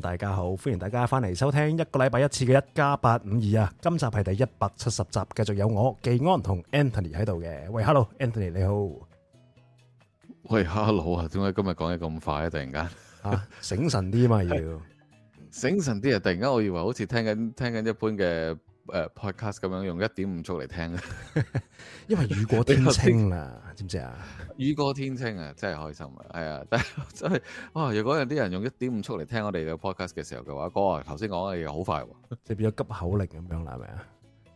大家好，歡迎大家翻嚟收聽一個禮拜一次嘅一家八五二啊！今集係第一百七十集，繼續有我技安同 Anthony 喺度嘅。喂，Hello，Anthony 你好。喂，Hello 啊！點解今日講嘢咁快啊？突然間啊，醒神啲啊嘛要，醒神啲啊！突然間我以為好似聽緊聽緊一般嘅。誒、uh，podcast 咁樣用一點五速嚟聽， 因為雨過天青啦， 知唔知啊？雨過天青啊，真係開心啊，係啊，真係啊！如果有啲人用一點五速嚟聽我哋嘅 podcast 嘅時候嘅話，哥頭先講嘅嘢好快，啊，即 係變咗急口令咁樣啦，係咪 啊？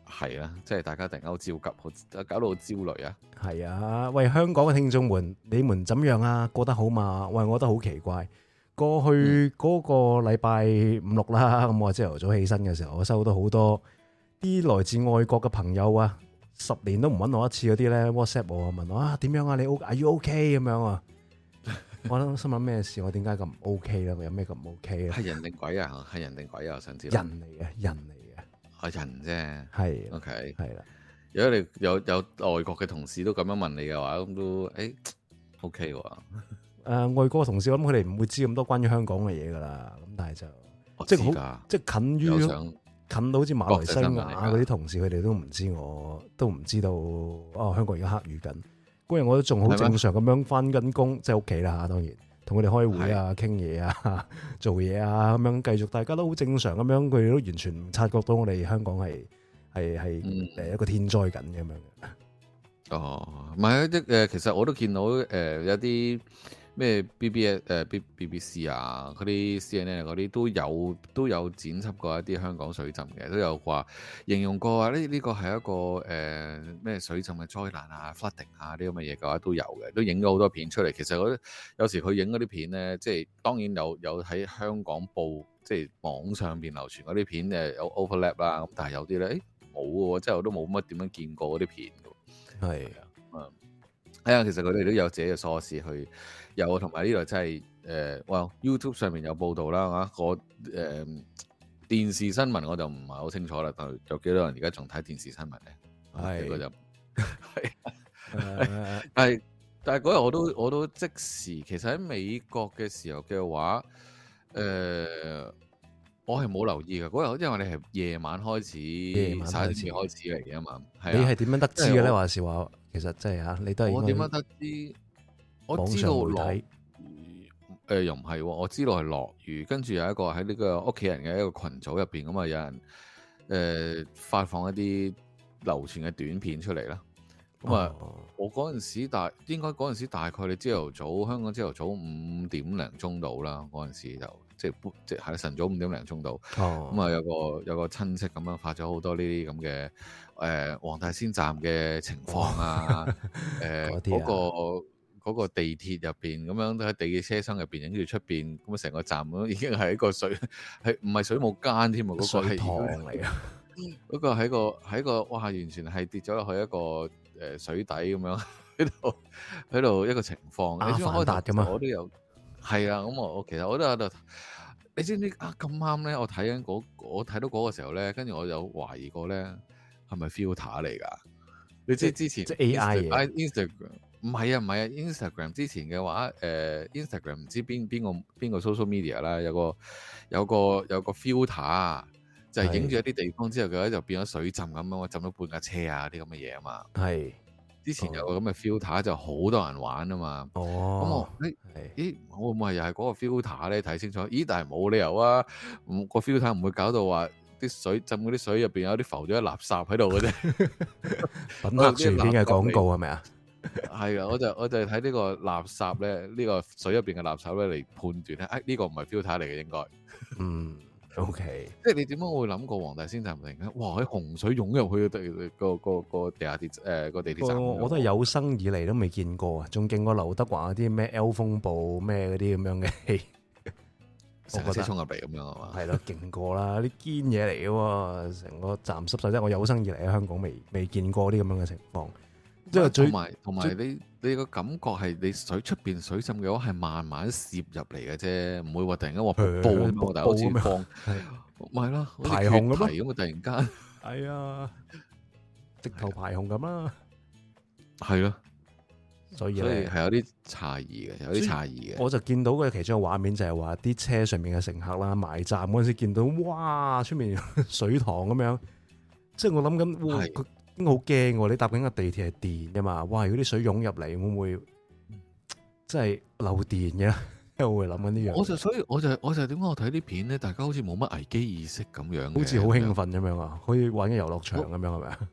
係啊，即係大家突然間好焦急，好搞到好焦慮啊。係啊，喂，香港嘅聽眾們，你們怎樣啊？過得好嘛？喂，我覺得好奇怪，過去嗰個禮拜五六啦，咁、嗯、我朝頭早起身嘅時候，我收到好多。啲來自外國嘅朋友啊，十年都唔揾我一次嗰啲咧，WhatsApp 我啊，問我啊，點樣啊，你 Are you OK 咁樣啊、 okay？我諗心諗咩事？我點解咁唔 OK 咧？有咩咁唔 OK 咧？係人定鬼啊？係人定鬼啊？我想知？人嚟嘅，人嚟嘅，係、啊、人啫。係 OK，係啦。如果你有有外國嘅同事都咁樣問你嘅話，咁都誒、哎、OK 喎。誒、呃，外國同事咁，佢哋唔會知咁多關於香港嘅嘢噶啦。咁但係就即係好，即係近於。近到好似馬來西亞嗰啲同事，佢哋都唔知，我都唔知道，知道啊。香港而家黑雨緊，固然我都仲好正常咁樣返緊工，即係屋企啦。嚇，當然同佢哋開會啊、傾嘢啊、做嘢啊，咁樣繼續，大家都好正常咁樣。佢哋都完全唔察覺到我哋香港係係係誒一個天災緊咁、嗯、樣嘅。哦，唔係一啲其實我都見到誒、呃、有啲。咩 B B 一誒 B B B C 啊，嗰啲 C N N 嗰啲都有都有剪輯過一啲香港水浸嘅，都有話形容過話呢呢個係一個誒咩、呃、水浸嘅災難啊、flooding 啊啲咁嘅嘢嘅話都有嘅，都影咗好多片出嚟。其實我覺得，有時佢影嗰啲片咧，即係當然有有喺香港報即係網上邊流傳嗰啲片誒有 overlap 啦，但係有啲咧誒冇喎，即係我都冇乜點樣見過嗰啲片嘅。係。係啊，其實佢哋都有自己嘅所事去有，同埋呢度真係誒，YouTube 上面有報道啦嚇，個誒、呃、電視新聞我就唔係好清楚啦，但有幾多人而家仲睇電視新聞咧？係，就係、 uh, 但係但係嗰日我都我都即時，其實喺美國嘅時候嘅話，誒、呃。我係冇留意嘅嗰日，因為你係夜晚開始，夜晚開始開始嚟嘅嘛。你係點樣得知嘅咧？話實話其實真係嚇，你都係我點樣得知？我知道落雨。誒、呃，又唔係喎，我知道係落雨。跟住有一個喺呢個屋企人嘅一個群組入邊咁啊，有人誒、呃、發放一啲流傳嘅短片出嚟啦。咁、嗯、啊、哦，我嗰陣時大應該嗰陣時大概你朝頭早香港朝頭早五點零鐘到啦，嗰陣時就。即、就、係、是、晨早五點零鐘到，咁、oh. 啊，有個有個親戚咁樣發咗好多呢啲咁嘅誒黃大仙站嘅情況啊，誒嗰個地鐵入邊咁樣，都喺地鐵車廂入邊影住出邊，咁啊成個站咁已經係一個水，係唔係水霧間添啊？嗰、那個係塘嚟啊，嗰、那個喺個喺個，哇，完全係跌咗落去一個誒、呃、水底咁樣，喺度喺度一個情況。阿凡達咁啊，我都有，係 啊，咁我我其實我都喺度。你知唔知啊？咁啱咧，我睇緊嗰我睇到嗰個時候咧，跟住我有懷疑過咧，係咪 filter 嚟㗎？你知之前即係 A I 嘅，Instagram 唔係啊唔係啊，Instagram 之前嘅話，誒、呃、Instagram 唔知邊邊個邊個 social media 啦，有個有個有個 filter，就係影住一啲地方之後，佢咧就變咗水浸咁樣，浸到半架車啊啲咁嘅嘢啊嘛。係。之前有個咁嘅 filter、哦、就好多人玩啊嘛，哦，我，咦，我會唔會又係嗰個 filter 咧，睇清楚，咦，但係冇理由啊，個 filter 唔會搞到話啲水浸嗰啲水入邊有啲浮咗啲垃圾喺度嘅啫，品壓上面嘅廣告係咪啊？係 啊，我就我就係睇呢個垃圾咧，呢 個水入邊嘅垃圾咧嚟判斷咧，誒、哎、呢、這個唔係 filter 嚟嘅應該，嗯。O K，即係你點解會諗過黃大仙站停咧？哇，喺洪水湧入去個地個個個地下鐵誒個地鐵站，我我都係有生以嚟都未見過啊，仲勁過劉德華啲咩 L 風暴咩嗰啲咁樣嘅戲，成個車衝入嚟咁樣係嘛？係咯，勁過啦，啲堅嘢嚟嘅喎，成個站濕晒，即係我有生以嚟喺香港未未見過啲咁樣嘅情況。即係做埋同埋你你個感覺係你水出邊水浸嘅話係慢慢滲入嚟嘅啫，唔會話突然間話爆爆大波咁放，係咪啦？排洪咁啊，咁啊，突然間係啊，直頭排洪咁啦，係啦，所以係有啲差異嘅，有啲差異嘅。我就見到嘅其中嘅畫面就係話啲車上面嘅乘客啦，埋站嗰陣時見到哇，出面水塘咁樣，即係我諗緊我好驚㗎，你搭緊個地鐵係電嘅嘛？哇！如果啲水湧入嚟，會唔會即係漏電嘅？即 係我會諗緊呢樣。我就所以我就我就點解我睇啲片咧？大家好似冇乜危機意識咁樣，好似好興奮咁樣啊！可以玩嘅遊樂場咁樣係咪啊？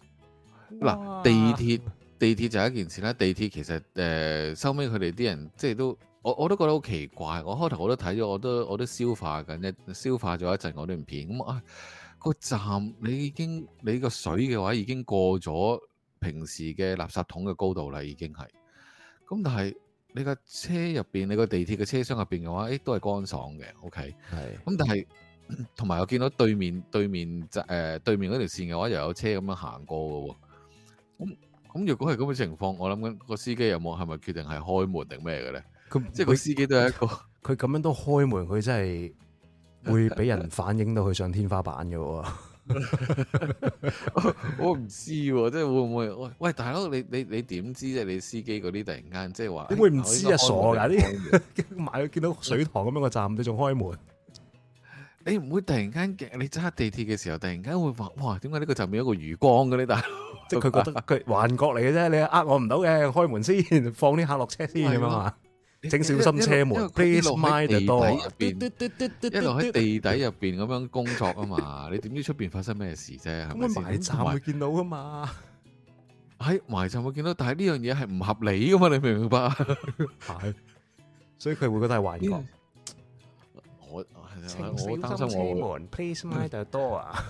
嗱，地鐵地鐵就一件事啦。地鐵其實誒，收尾佢哋啲人即係都我我都覺得好奇怪。我開頭我都睇咗，我都我都消化緊，一消化咗一陣，我段片咁啊。個站你已經你個水嘅話已經過咗平時嘅垃圾桶嘅高度啦，已經係。咁但係你架車入邊你個地鐵嘅車廂入邊嘅話，誒、哎、都係乾爽嘅。OK 係。咁但係同埋我見到對面對面誒、呃、對面嗰條線嘅話，又有車咁樣行過嘅、哦。咁咁如果係咁嘅情況，我諗緊個司機有冇係咪決定係開門定咩嘅咧？即係個司機都係一個。佢咁樣都開門，佢真係。 會俾人反映到佢上天花板嘅 我唔知、啊，即係會唔會？喂，大佬，你你你點知啫？你司機嗰啲突然間即係話，點、哎、會唔知啊？哦這個、傻噶啲，埋見到水塘咁樣個站，你仲開門？你唔會突然間，你揸地鐵嘅時候突然間會話，哇，點解呢個站面有一個魚缸嘅呢？大佬， 即係佢覺得佢幻覺嚟嘅啫，你呃我唔到嘅，開門先，放啲客落車先，咁啊嘛。整小心車門，一路喺地底入邊，一路喺地底入邊咁樣工作啊嘛！你點知出邊發生咩事啫？係咪埋站會見到噶嘛？喺埋站會見到，但係呢樣嘢係唔合理噶嘛？你明唔明白？係，所以佢會覺得係幻覺。我。我擔心我，Please mind the door 啊，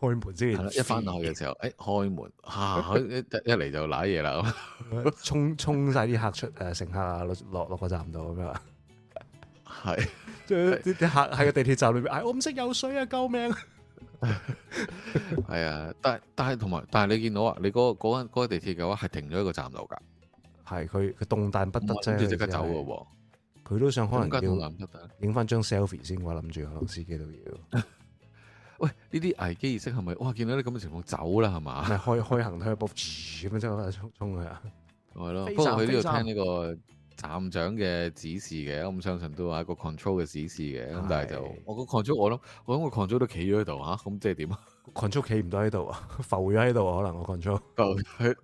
開門先。係啦，一翻落去嘅時候，誒、欸，開門，吓、啊、佢 一一嚟就瀨嘢啦，冲沖晒啲客出誒，乘、呃、客落落落個站度咁樣。係， 即係啲客喺個地鐵站裏邊， 哎，我唔識游水啊，救命！係 啊，但係但係同埋，但係你見到啊，你嗰、那個、那個那個地鐵嘅話係停咗一個站度噶，係佢佢動彈不得啫，即刻、就是、走嘅喎、啊。佢都想可能要影翻張 selfie 先，我話，諗住可能司機都要。喂，呢啲危機意識係咪？哇！見到啲咁嘅情況走啦，係嘛？開開行開波，咁樣即刻衝衝佢啊！係咯，不過佢都要聽呢個站長嘅指示嘅，我唔相信都話一個 control 嘅指示嘅。咁但係就我個 control，我諗我諗個 control 都企咗喺度吓。咁即係點啊？群租企唔到喺度，啊，浮咗喺度啊。可能個群租。浮喺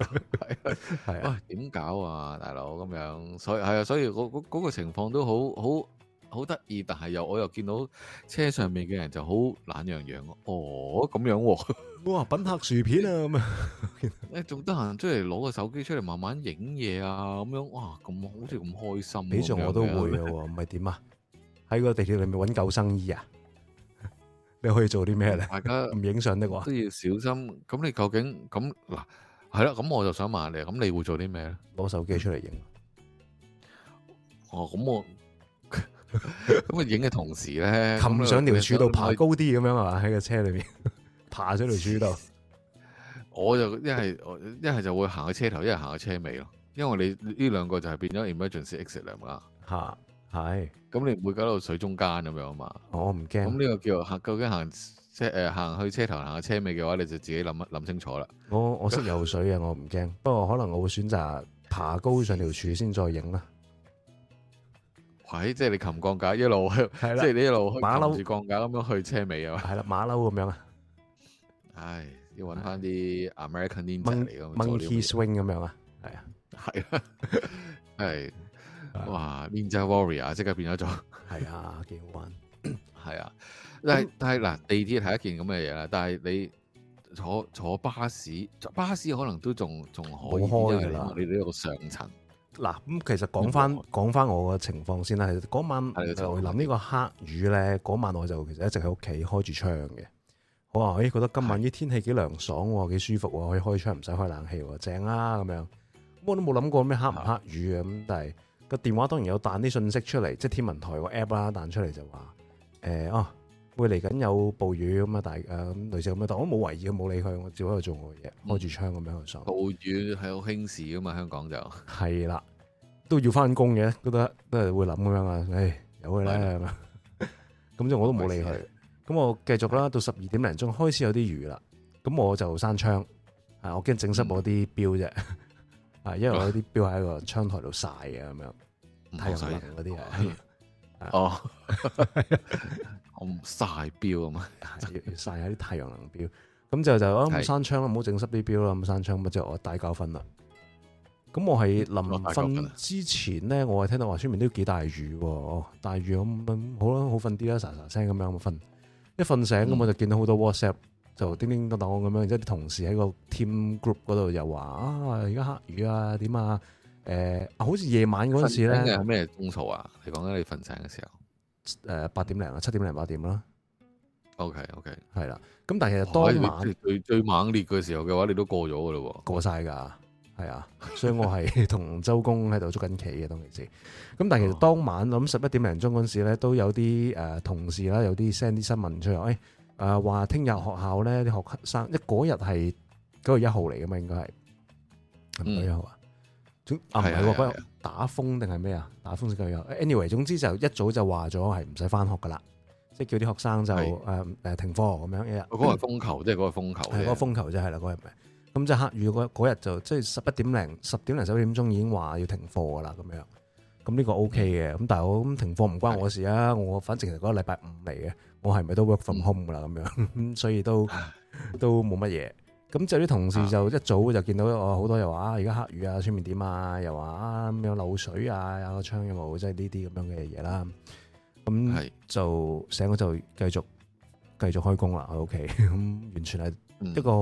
係啊，點搞啊？大佬咁樣，所以係啊，所以嗰嗰、嗰個情況都好好好得意，但係又我又見到車上面嘅人就好懶洋洋。哦，咁樣、啊、哇，品客薯片啊咁 啊，你仲得閒出嚟攞個手機出嚟慢慢影嘢啊咁樣哇，咁好似咁開心、啊。呢種我都會嘅，唔係點啊？喺、啊、個地鐵裏面揾救生衣啊？你可以做啲咩咧？大家唔影相嘅話都要小心。咁你究竟咁嗱係啦？咁我就想問你，咁你會做啲咩咧？攞手機出嚟影。哦，咁我咁我影嘅同時咧，擒上條柱度爬高啲咁樣嘛，喺個車裏面 爬上條柱度 。我就一係一係就會行去車頭，一係行去車尾咯。因為你呢兩個就係變咗 Emergency Exit，其實係嘛？哈。係，咁你唔會搞到水中間咁樣嘛？我唔驚，咁呢個叫行，究竟行車誒，行去車頭，行下車尾嘅話，你就自己諗一諗清楚啦。我我識游水嘅，我唔驚， 不過可能我會選擇爬高上條柱先再影啦。喂，即係你擒鋼架一路，即係你一路馬騮住鋼架咁樣去車尾啊？係啦，馬騮咁樣啊？唉，要揾翻啲 American 啲嚟咯，Monkey Swing 咁樣啊？係啊，係啊，係。 哇！Warrior，變咗 Warrior 啊，即刻變咗咗，一種，係啊，幾好玩，係啊，但係但係嗱，地鐵係一件咁嘅嘢啦，但係你坐坐巴士坐，巴士可能都仲仲可以開㗎啦，你呢個上層嗱咁，其實講翻講翻我個情況先啦，嗰晚我諗呢個黑雨咧，嗰晚我就其實一直喺屋企開住窗嘅，我話咦、哎、覺得今晚啲天氣幾涼爽喎，幾舒服喎，可以開窗唔使開冷氣喎，正啊咁樣，咁我都冇諗過咩黑唔黑雨啊咁，但係。個電話當然有彈啲信息出嚟，即係天文台個 app 啦，彈出嚟就話，誒、啊、哦，會嚟緊有暴雨咁啊，大誒，類似咁樣，但我冇懷疑，冇理佢，我只喺度做我嘢，開住窗咁樣去上。暴雨係好輕視噶嘛，香港就係啦，都要翻工嘅，都都會諗咁樣啊，唉，有嘅咧咁樣，咁、哎、就 我都冇理佢，咁我繼續啦，到十二點零鐘開始有啲雨啦，咁我就閂窗，啊，我驚整濕我啲錶啫。嗯啊，因為我啲表喺個窗台度曬嘅咁樣，太陽能嗰啲啊，哦， 我唔曬表啊嘛，要曬下啲太陽能表。咁之後就啊，唔好閂窗啦，唔好整濕啲表啦，唔好閂窗。咁之後我大覺瞓啦。咁我係臨瞓之前咧，我係聽到話出面都幾大雨喎，大雨咁，好啦，好瞓啲啦，沙沙聲咁樣咁瞓。一瞓醒咁我就見到好多 WhatsApp。就叮叮噹噹咁樣，然之後啲同事喺個 team group 嗰度又話啊，而家黑雨啊點啊？誒、欸，好似夜晚嗰陣時呢，咧，咩風數啊？你講緊你瞓醒嘅時候，誒八點零啦，七點零八點啦。OK OK，係啦。咁但係其實當晚最、啊、最猛烈嘅時候嘅話，你都過咗㗎咯喎，過晒㗎。係啊，所以我係同周公喺度捉緊棋嘅當其時。咁但係其實當晚諗十一點零鐘嗰陣時咧，都有啲、呃、同事啦，有啲 send 啲新聞出嚟。欸誒、呃，話聽日學校咧啲學生，一嗰日係九月一號嚟噶嘛？應該係唔係一號啊？啊唔係日打風定係咩啊？打風先咁樣。Anyway，總之就一早就話咗係唔使翻學噶啦，即、就、係、是、叫啲學生就誒誒、呃、停課咁樣一。嗰、那個是風球，即係嗰個是風球，係嗰個風球就係啦。嗰日咁即係黑雨嗰日就即係十一點零十點零十一點鐘已經話要停課噶啦，咁樣。咁呢個 O K 嘅，咁但係我咁停課唔關我事啊。我反正其實嗰個禮拜五嚟嘅，我係咪都 work from home 噶啦咁樣，咁所以都都冇乜嘢。咁就啲同事就一早就見到我好多又話：而家黑雨啊，出面點啊，又話啊有漏水啊，有個窗有冇，即係呢啲咁樣嘅嘢啦。咁就醒咗就繼續繼續開工啦喺屋企，咁完全係一個好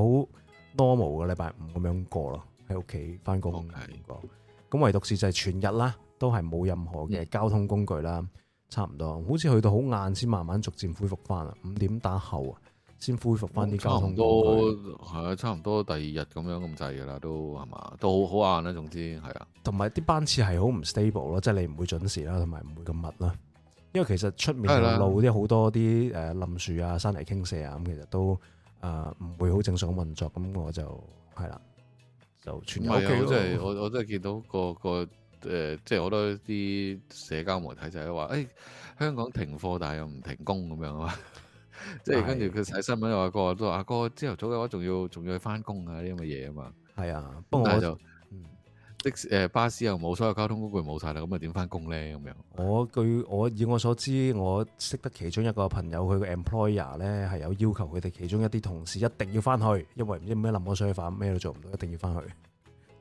normal 嘅禮拜五咁樣過咯，喺屋企翻工過。咁唯獨是就係全日啦。都係冇任何嘅交通工具啦，嗯、差唔多，好似去到好晏先慢慢逐漸恢復翻啦。五點打後啊，先恢復翻啲交通。差唔多係啊，差唔多第二日咁樣咁滯噶啦，都係嘛，都好晏啦。總之係啊，同埋啲班次係好唔 stable 咯，即、就、係、是、你唔會準時啦，同埋唔會咁密啦。因為其實出面路啲好多啲誒冧樹啊、山泥傾瀉啊，咁其實都誒唔、呃、會好正常運作。咁我就係啦、啊，就全日、OK。唔係啊，即係我我，我真係見到個、個。誒、呃，即係好多啲社交媒體就係話，誒、哎、香港停課，但係又唔停工咁樣啊！即係跟住佢睇新聞又話，阿哥都話，阿哥朝頭早嘅話，仲要仲要去翻工啊！啲咁嘅嘢啊嘛，係啊，但係就、嗯、即誒巴士又冇，所有交通工具冇晒啦，咁啊點翻工咧？咁樣，我據我以我所知，我識得其中一個朋友，佢嘅 employer 咧係有要求佢哋其中一啲同事一定要翻去，因為唔知咩冧咗相反，咩都做唔到，一定要翻去。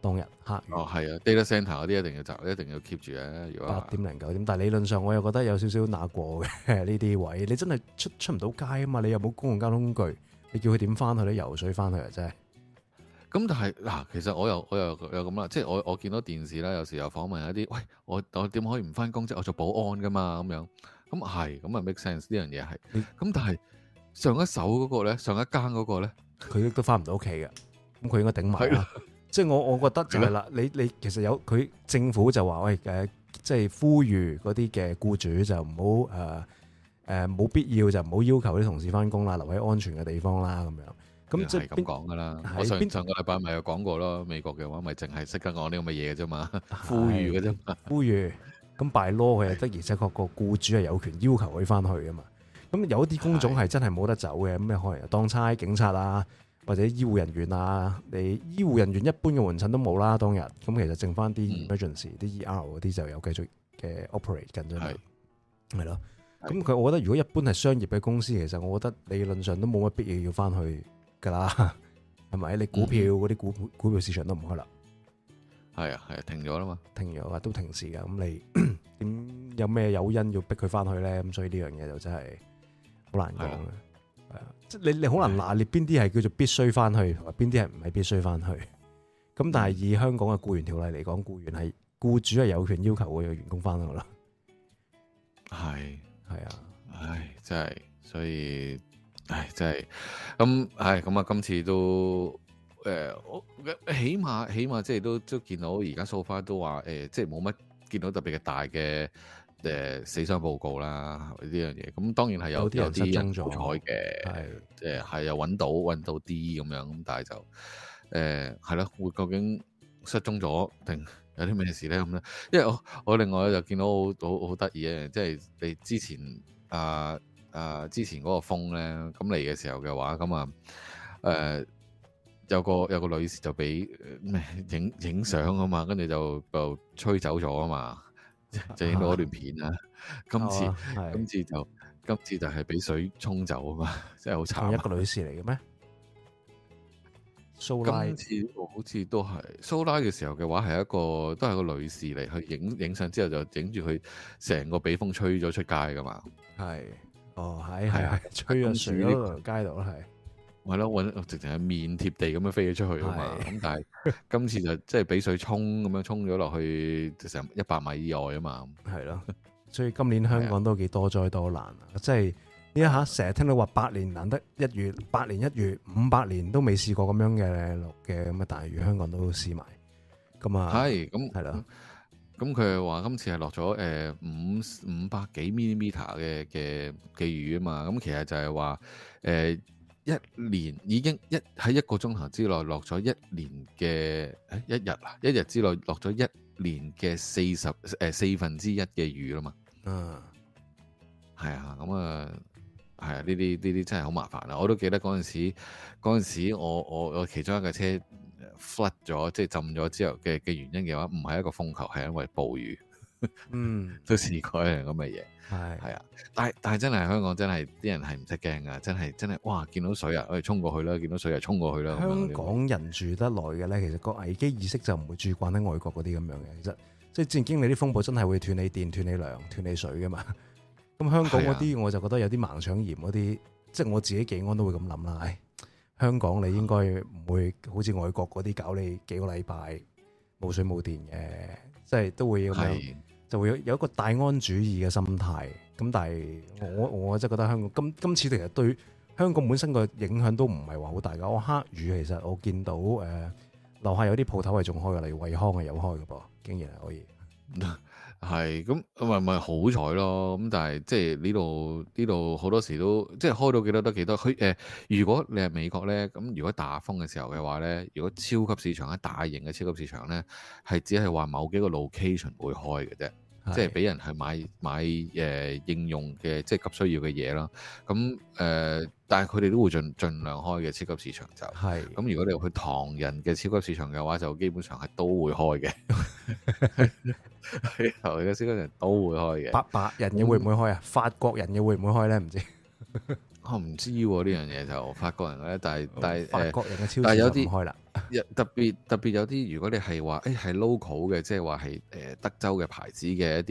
當日嚇哦，係啊，data centre 嗰啲一定要執，一定要 keep 住啊！如果八點零九點，但係理論上我又覺得有少少難過嘅呢啲位，你真係出出唔到街啊嘛！你又冇公共交通工具，你叫佢點翻去咧？游水翻去啊！真係。咁但係嗱，其實我又我又我又咁啦，即係我我見到電視啦，有時候又訪問一啲，喂，我我點可以唔翻工？即我做保安噶嘛，咁樣咁係咁啊，make sense 呢樣嘢係。咁但係上一手嗰個咧，上一間嗰個咧，佢 都翻唔到屋企嘅，咁佢應該頂埋啦。即係我，我覺得就係啦。你你其實有佢政府就話喂，誒，即係呼籲嗰啲嘅僱主就唔好誒誒，冇必要就唔好要求啲同事翻工啦，留喺安全嘅地方啦，咁樣。咁即係咁講噶啦。我上上個禮拜咪有講過咯，美國嘅話咪淨係識得講呢咁嘅嘢嘅啫嘛，呼籲嘅啫，呼籲。咁拜 law 佢就得，而且確個僱主係有權要求佢翻去啊嘛。咁有一啲工種係真係冇得走嘅，咩可能當差、警察啊？或者醫護人員啊，你醫護人員一般嘅門診都冇啦，當日咁其實剩翻啲 emergency、啲、嗯、ER 嗰啲就有繼續嘅 operate 緊咗嘛，係咯。咁佢我覺得如果一般係商業嘅公司，其實我覺得理論上都冇乜必要要翻去噶啦，係咪？你股票嗰啲股票、嗯、股票市場都唔開啦，係啊係啊停咗啦嘛，停咗啊都停市噶，咁你點 有咩誘因要逼佢翻去咧？咁所以呢樣嘢就真係好難講。你你可能拿捏邊啲係叫做必須翻去，同埋邊啲係唔係必須翻去？咁但係以香港嘅雇員條例嚟講，雇員係僱主係有權要求個員工翻去咯。係係啊，唉真係，所以唉真係咁唉咁啊今次都誒，我起碼起碼即係都都見到而家 so far 都話誒，即係冇乜見到特別嘅大嘅。誒、呃、死傷報告啦，呢樣嘢咁當然係有啲有啲人彩嘅，即係係又揾到揾到啲咁樣，但係就誒係咯，會究竟失蹤咗定有啲咩事咧咁咧？因為我我另外就見到好好得意咧，即係、就是、你之前啊啊之前嗰個風咧咁嚟嘅時候嘅話，咁啊誒有個有個女士就俾咩影影相啊嘛，跟住就就吹走咗啊嘛。就影到嗰段片啦、啊，今次、哦、今次就今次就係俾水沖走啊嘛，真係好慘。一個女士嚟嘅咩？今次好似都係蘇拉嘅時候嘅話，係一個都係個女士嚟，去影影相之後就整住佢，成個俾風吹咗出街㗎嘛。係，哦，係係係，吹咗水呢條街度啦，係。係、嗯、咯，搵直直係面貼地咁樣飛咗出去啊嘛，咁但係今次就即係俾水沖咁樣沖咗落去，成一百米以外啊嘛，係咯，所以今年香港都幾多災多難啊，即係呢一下成日聽到話八年難得一月，八年一月五百年都未試過咁樣嘅落嘅咁嘅大雨，香港都試埋，咁啊係，咁係啦，咁佢話今次係落咗誒五五百幾 millimeter 嘅嘅嘅雨啊嘛，咁其實就係話誒。呃一年已經一喺一個鐘頭之內落咗一年嘅誒一日啊，一日之內落咗一年嘅四十誒四分之一嘅雨啦嘛，嗯，係啊，咁啊係啊，呢啲呢啲真係好麻煩啊！我都記得嗰陣時嗰陣時我我我其中一架車誒，flooded 即係浸咗之後嘅嘅原因嘅話，唔係一個風球，係因為暴雨。嗯，都試，試過一樣咁嘅嘢，係係啊，但係但係真係香港真係啲人係唔識驚噶，真係真係哇！見到水啊，我、哎、哋衝過去啦；見到水啊，衝過去啦。香港人住得耐嘅咧，其實個危機意識就唔會住慣喺外國嗰啲咁樣嘅。其實即係之前經歷啲風暴，真係會斷你電、斷你糧、斷你水噶嘛。咁香港嗰啲，我就覺得有啲盲腸炎嗰啲，即係、啊就是、我自己技安都會咁諗啦。香港你應該唔會好似外國嗰啲搞你幾個禮拜冇水冇電嘅，即係都會咁樣。就會有有一個大安主義嘅心態，咁但係我我真係覺得香港今今次其實對香港本身個影響都唔係話好大㗎。我黑雨其實我見到誒、呃、樓下有啲鋪頭係仲開嘅，例如惠康係有開嘅噃，竟然係可以。 係，咁咪咪好彩咯，咁但係即係呢度呢度好多時都即係開到幾多得幾多，佢誒，如果你係美國咧，咁如果大風嘅時候嘅話咧，如果超級市場喺大型嘅超級市場咧，係只係話某幾個 location 會開嘅啫。係即係俾人去買買誒、呃、應用嘅，即係急需要嘅嘢啦。咁誒、呃，但係佢哋都會盡盡量開嘅超級市場就係。咁如果你去唐人嘅超級市場嘅話，就基本上係都會開嘅。係啊，唐人嘅超級市場都會開嘅。八伯人嘅會唔會開啊？嗯、法國人嘅會唔會開咧？唔知。 我唔知呢樣嘢就法國人咧，但係但係法國人嘅超市但係有啲開啦。特別特別有啲，如果你係話，誒係 local 嘅，即係話係誒德州嘅牌子嘅一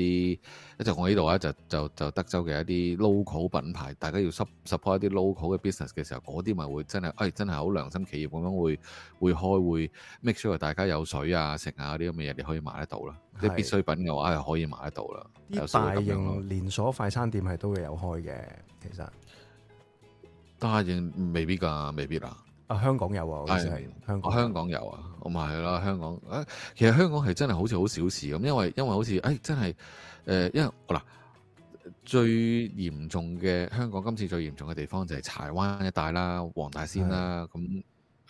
啲，就我呢度啊，就就就德州嘅一啲 local 品牌，大家要 support 一啲 local 嘅 business 嘅時候，嗰啲咪會真係，誒、哎、真係好良心企業咁樣會會開會，make sure 大家有水啊食啊啲咁嘅嘢，你可以買得到啦，即係必需品嘅話係可以買得到啦。大型連鎖快餐店係都會有開嘅，其實大型未必㗎，未必啦。啊、香港有啊，好似係香港香港有啊，咁咪係啦。香港，其實香港係真係好似好小事咁，因為因為好似，哎，真係，誒、呃，因為嗱、呃，最嚴重嘅香港今次最嚴重嘅地方就係柴灣一帶啦、黃大仙啦，咁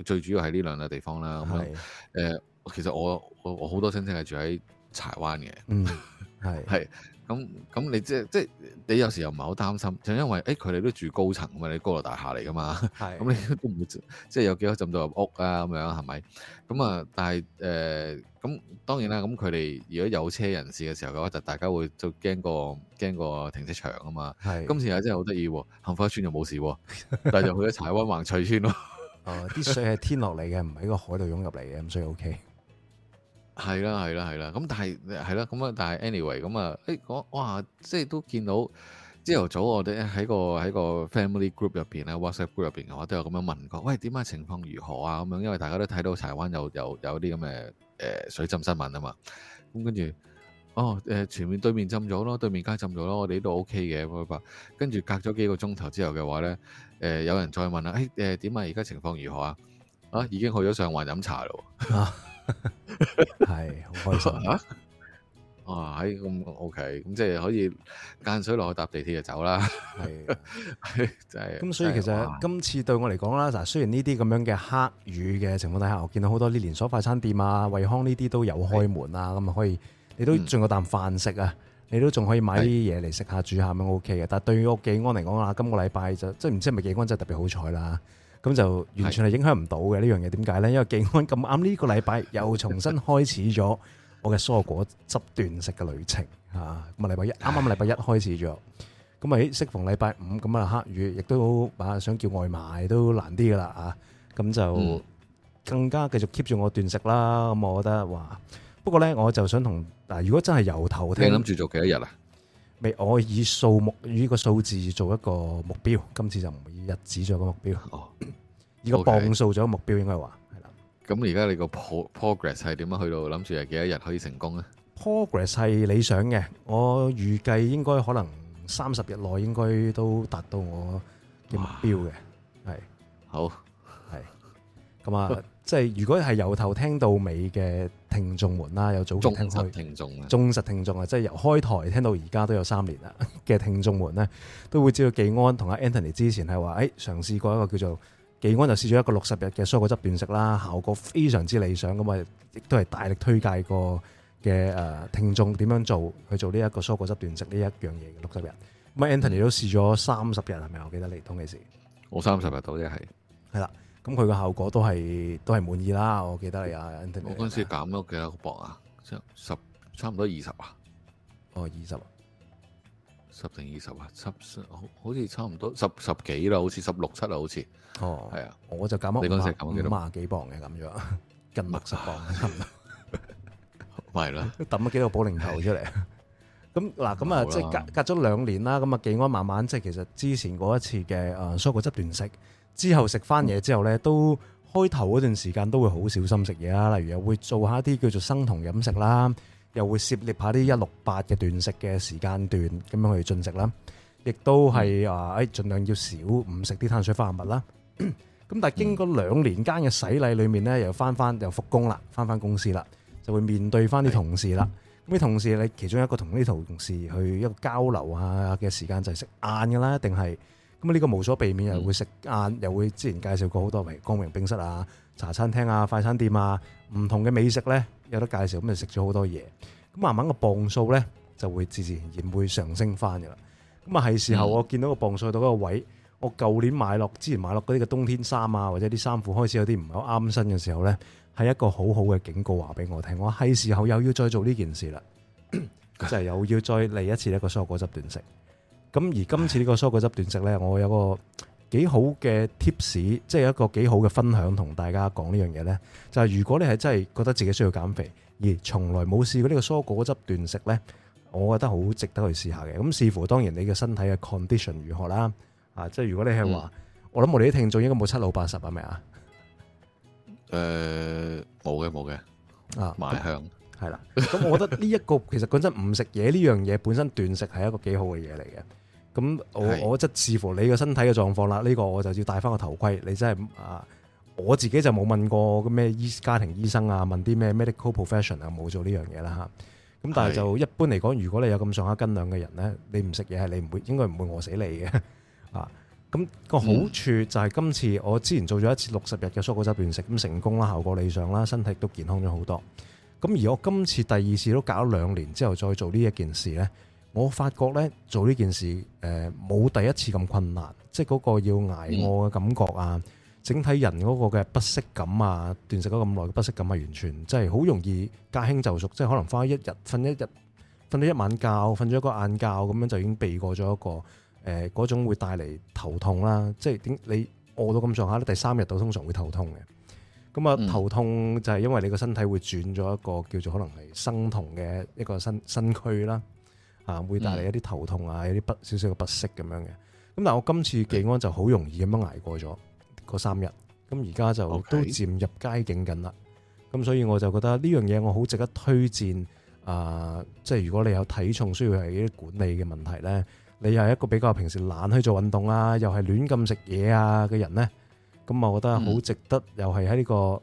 最主要係呢兩個地方啦。咁誒、呃，其實我我我好多親戚係住喺柴灣嘅，嗯，係係。 咁咁你即係即係你有時又唔係好擔心，就因為誒佢哋都住高層啊嘛，你高樓大廈嚟噶嘛，咁你都唔會即係有幾多浸到入屋啊咁樣係咪？咁啊，但係咁、呃、當然啦，咁佢哋如果有車人士嘅時候嘅話，就大家會就驚過驚過停車場啊嘛。今次又真係好得意喎，杏花邨就冇事喎、啊，但係就去咗柴灣橫翠村咯、啊。 哦，啲水係天落嚟嘅，唔係喺個海度湧入嚟嘅，咁所以 OK。係啦，係啦，係啦。咁但係，係啦。咁啊，但係，anyway，咁啊，哎，我哇，即係都見到朝頭早我，我哋喺個喺個 family group 入邊咧，WhatsApp group 入邊嘅話，都有咁樣問過。喂，點解情況如何啊？咁樣，因為大家都睇到柴灣有有有啲咁嘅誒水浸新聞啊嘛。咁跟住，哦，誒全面對面浸咗咯，對面街浸咗咯。我哋都 O K 嘅，跟住隔咗幾個鐘頭之後嘅話咧，誒、呃、有人再問啦，誒點啊？而、呃、家情況如何啊？啊，已經去咗上環飲茶咯。 係， 好開心啊！啊，喺、嗯、咁 OK，咁即係可以間水落去搭地鐵就走啦。係 是、啊，係 真係。咁所以其實今次對我嚟講啦，嗱，雖然呢啲咁樣嘅黑雨嘅情況底下，我見到好多啲連鎖快餐店啊、惠康呢啲都有開門啊，咁啊可以，你都盡個啖飯食啊，你都仲可以買啲嘢嚟食下、煮下咁 OK 嘅。但係對屋技安嚟講啊，今個禮拜就即係唔知係咪技安真係特別好彩啦。咁就完全係影響唔到嘅呢樣嘢，點解咧？因為技安咁啱呢個禮拜又重新開始咗我嘅蔬果汁斷食嘅旅程啊！咁啊禮拜一啱啱禮拜一開始咗，咁啊誒適逢禮拜五咁啊黑雨，亦都啊想叫外賣都難啲噶啦啊！咁就更加繼續 keep 住我斷食啦。咁我覺得話不過咧，我就想同嗱，如果真係由頭聽，你諗住做幾多日啊？我以數目以個數字做一個目標，今次就唔以日子做一個目標。哦、oh.，以個磅數咗目標應該話係啦。咁而家你個 pro progress 係點樣去到？諗住係幾多日可以成功呢？progress 係理想嘅，我預計應該可能三十日內應該都達到我嘅目標嘅。係、wow.，好、oh.，係。咁 啊，即係如果係由頭聽到尾嘅。聽眾們啦，有早實聽眾，忠實聽眾啊，即係由開台聽到而家都有三年啦嘅聽眾們咧，都會知道技安同阿 Anthony 之前係話，誒、哎、嘗試過一個叫做技安就試咗一個六十日嘅蔬果汁斷食啦，效果非常之理想咁啊，亦都係大力推介過嘅誒、呃、聽眾點樣做去做呢一個蔬果汁斷食呢一樣嘢嘅六十日。咁阿、嗯、Anthony 都試咗三十日係咪？我記得嚟講嘅事，我三十日到即係係啦。咁佢個效果都係都係滿意啦，我記得你啊。我嗰陣時減咗幾多個磅啊？十十差唔多二十啊？哦，二十、啊、十定二十啊？十好好十好似差唔多十十幾啦，好似十六七啊，好似哦，係啊。我就減咗你嗰陣時減咗幾磅嘅？減咗近六十磅差唔 是吧 多，咪係咯？抌咗幾多個保齡球出嚟？咁 嗱，咁啊，即係隔隔咗兩年啦。咁啊，技安慢慢即係其實之前嗰一次嘅誒、蔬、呃、果汁斷食。之後食翻嘢之後呢，都開頭嗰段時間都會好小心食嘢啦。例如又會做下啲叫做生酮飲食啦，又會涉獵下啲一六八嘅斷食嘅時間段咁樣去進食啦。亦都係啊，誒、哎，儘量要少唔食啲碳水化合物啦。咁、嗯、但係經過兩年間嘅洗禮裏面呢，又翻翻又復工啦，翻翻公司啦，就會面對翻啲同事啦。咁、嗯、啲同事你其中一個同啲同事去一個交流啊嘅時間就係食晏嘅啦，定係？咁、這、呢個無所避免又會食晏、嗯，又會之前介紹過好多譬如光明冰室啊、茶餐廳啊、快餐店啊，唔同嘅美食呢，有得介紹，咁就食咗好多嘢。咁慢慢個磅數呢，就會自自然然會上升翻噶啦。咁啊係時候我見到個磅數到嗰個位，我舊年買落之前買落嗰啲嘅冬天衫啊，或者啲衫褲開始有啲唔係好啱身嘅時候呢，係一個好好嘅警告話俾我聽。我係時候又要再做呢件事啦， 就係又要再嚟一次一個蔬果汁斷食。咁而今次呢個蔬果汁斷食呢，我有個幾好嘅 tips，即係一個幾好嘅分享，同大家講呢樣嘢呢。就係、是、如果你係真係覺得自己需要減肥，而從來冇試過呢個蔬果汁斷食呢，我覺得好值得去試下嘅。咁視乎當然你嘅身體嘅 condition 如何啦，啊，即係如果你係話、嗯，我諗我哋啲聽眾應該冇七老八十係咪啊？誒，冇嘅冇嘅，啊，買香，係啦。咁 我覺得呢、這、一個其實講真唔食嘢呢樣嘢本身斷食係一個幾好嘅嘢嚟嘅。咁我我即係視乎你個身體嘅狀況啦，呢個我就要戴翻個頭盔。你真係啊，我自己就冇問過咩醫家庭醫生啊，問啲咩 medical profession 啊，冇做呢樣嘢啦嚇。咁但係就一般嚟講，如果你有咁上下斤兩嘅人咧，你唔食嘢係你唔會應該唔會餓死你嘅啊。咁 個好處就係今次我之前做咗一次六十日嘅蔬果汁斷食，咁成功啦，效果理想啦，身體都健康咗好多。咁而我今次第二次都隔咗兩年之後再做呢一件事咧。我發覺咧，做呢件事，誒冇第一次咁困難，即係嗰個要挨餓嘅感覺啊，整體人嗰個嘅不適感啊，斷食咗咁耐嘅不適感啊，完全即係好容易駕輕就熟，即係可能返一日瞓一日，瞓咗一晚覺，瞓咗一個晏覺咁樣就已經避過咗一個嗰種會帶嚟頭痛啦。即係點你餓到咁上下咧，第三日到通常會頭痛嘅。咁啊，頭痛就係因為你個身體會轉咗一個叫做可能係生酮嘅一個身身軀啦。啊，會帶嚟一啲頭痛啊、嗯，有啲不少少嘅不適咁樣嘅。咁但我今次技安就好容易咁樣捱過咗嗰、嗯、三日，咁而家就都漸入佳境緊啦。咁、okay. 所以我就覺得呢樣嘢我好值得推薦啊、呃！即係如果你有體重需要係啲管理嘅問題咧，你又係一個比較平時懶去做運動啊，又係亂咁食嘢啊嘅人咧，咁我覺得好值得，又係喺呢個。嗯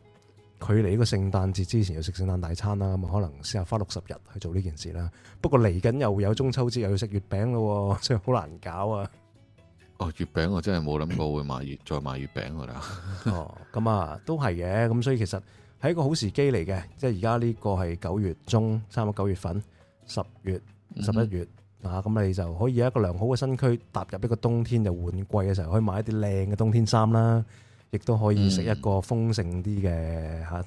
距離呢個聖誕節之前要食聖誕大餐啦，咁可能先下花六十日去做呢件事啦。不過嚟緊又有中秋節又要食月餅咯，即係好難搞啊！哦，月餅我真係冇諗過會買月再買月餅㗎啦。 哦，咁啊，都係嘅。咁所以其實係一個好時機嚟嘅，即係而家呢個係九月中差唔多九月份、十月、十一月嗯嗯啊，咁你就可以有一個良好嘅身軀踏入一個冬天就換季嘅時候，可以買一啲靚嘅冬天衫啦。亦都可以食一個豐盛啲嘅嚇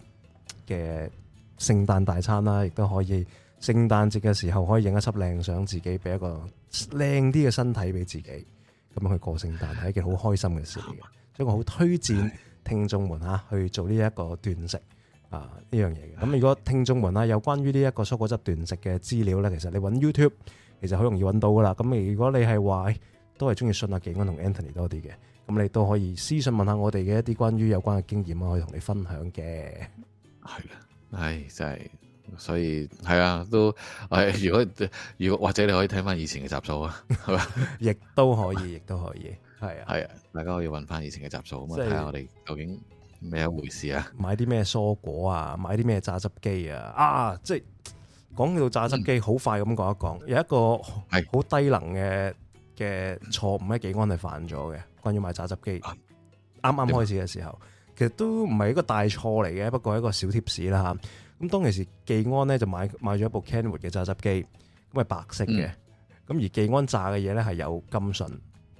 嘅聖誕大餐啦，亦都可以聖誕節嘅時候可以影一輯靚相，自己俾一個靚啲嘅身體俾自己，咁樣去過聖誕係一件好開心嘅事嚟嘅，所以我好推薦聽眾們吓去做呢一個斷食啊呢樣嘢嘅。咁如果聽眾們啊有關於呢一個蔬果汁斷食嘅資料咧，其實你揾 YouTube 其實好容易揾到噶啦。咁如果你係話都係中意信阿技安同 Anthony 多啲嘅。咁你都可以私信問下我哋嘅一啲關於有關嘅經驗啊，可以同你分享嘅係啦，唉、啊哎，真係所以係啊，都誒、哎，如果如果或者你可以睇翻以前嘅集數啊，係嘛，亦都可以，亦、啊、都可以，係啊，係啊，大家可以揾翻以前嘅集數咁啊，睇下我哋究竟咩一回事啊？買啲咩蔬果啊？買啲咩榨汁機啊？啊，即係講到榨汁機，好、嗯、快咁講一講，有一個好低能嘅嘅錯誤，係技安係犯咗嘅。關於買榨汁機，啱啱開始嘅時候，其實都唔係一個大錯嚟嘅，不過係一個小貼士啦嚇。咁當其時，技安咧就買買咗一部 Kenwood 嘅榨汁機，咁係白色嘅。咁、嗯、而技安榨嘅嘢咧係有甘筍，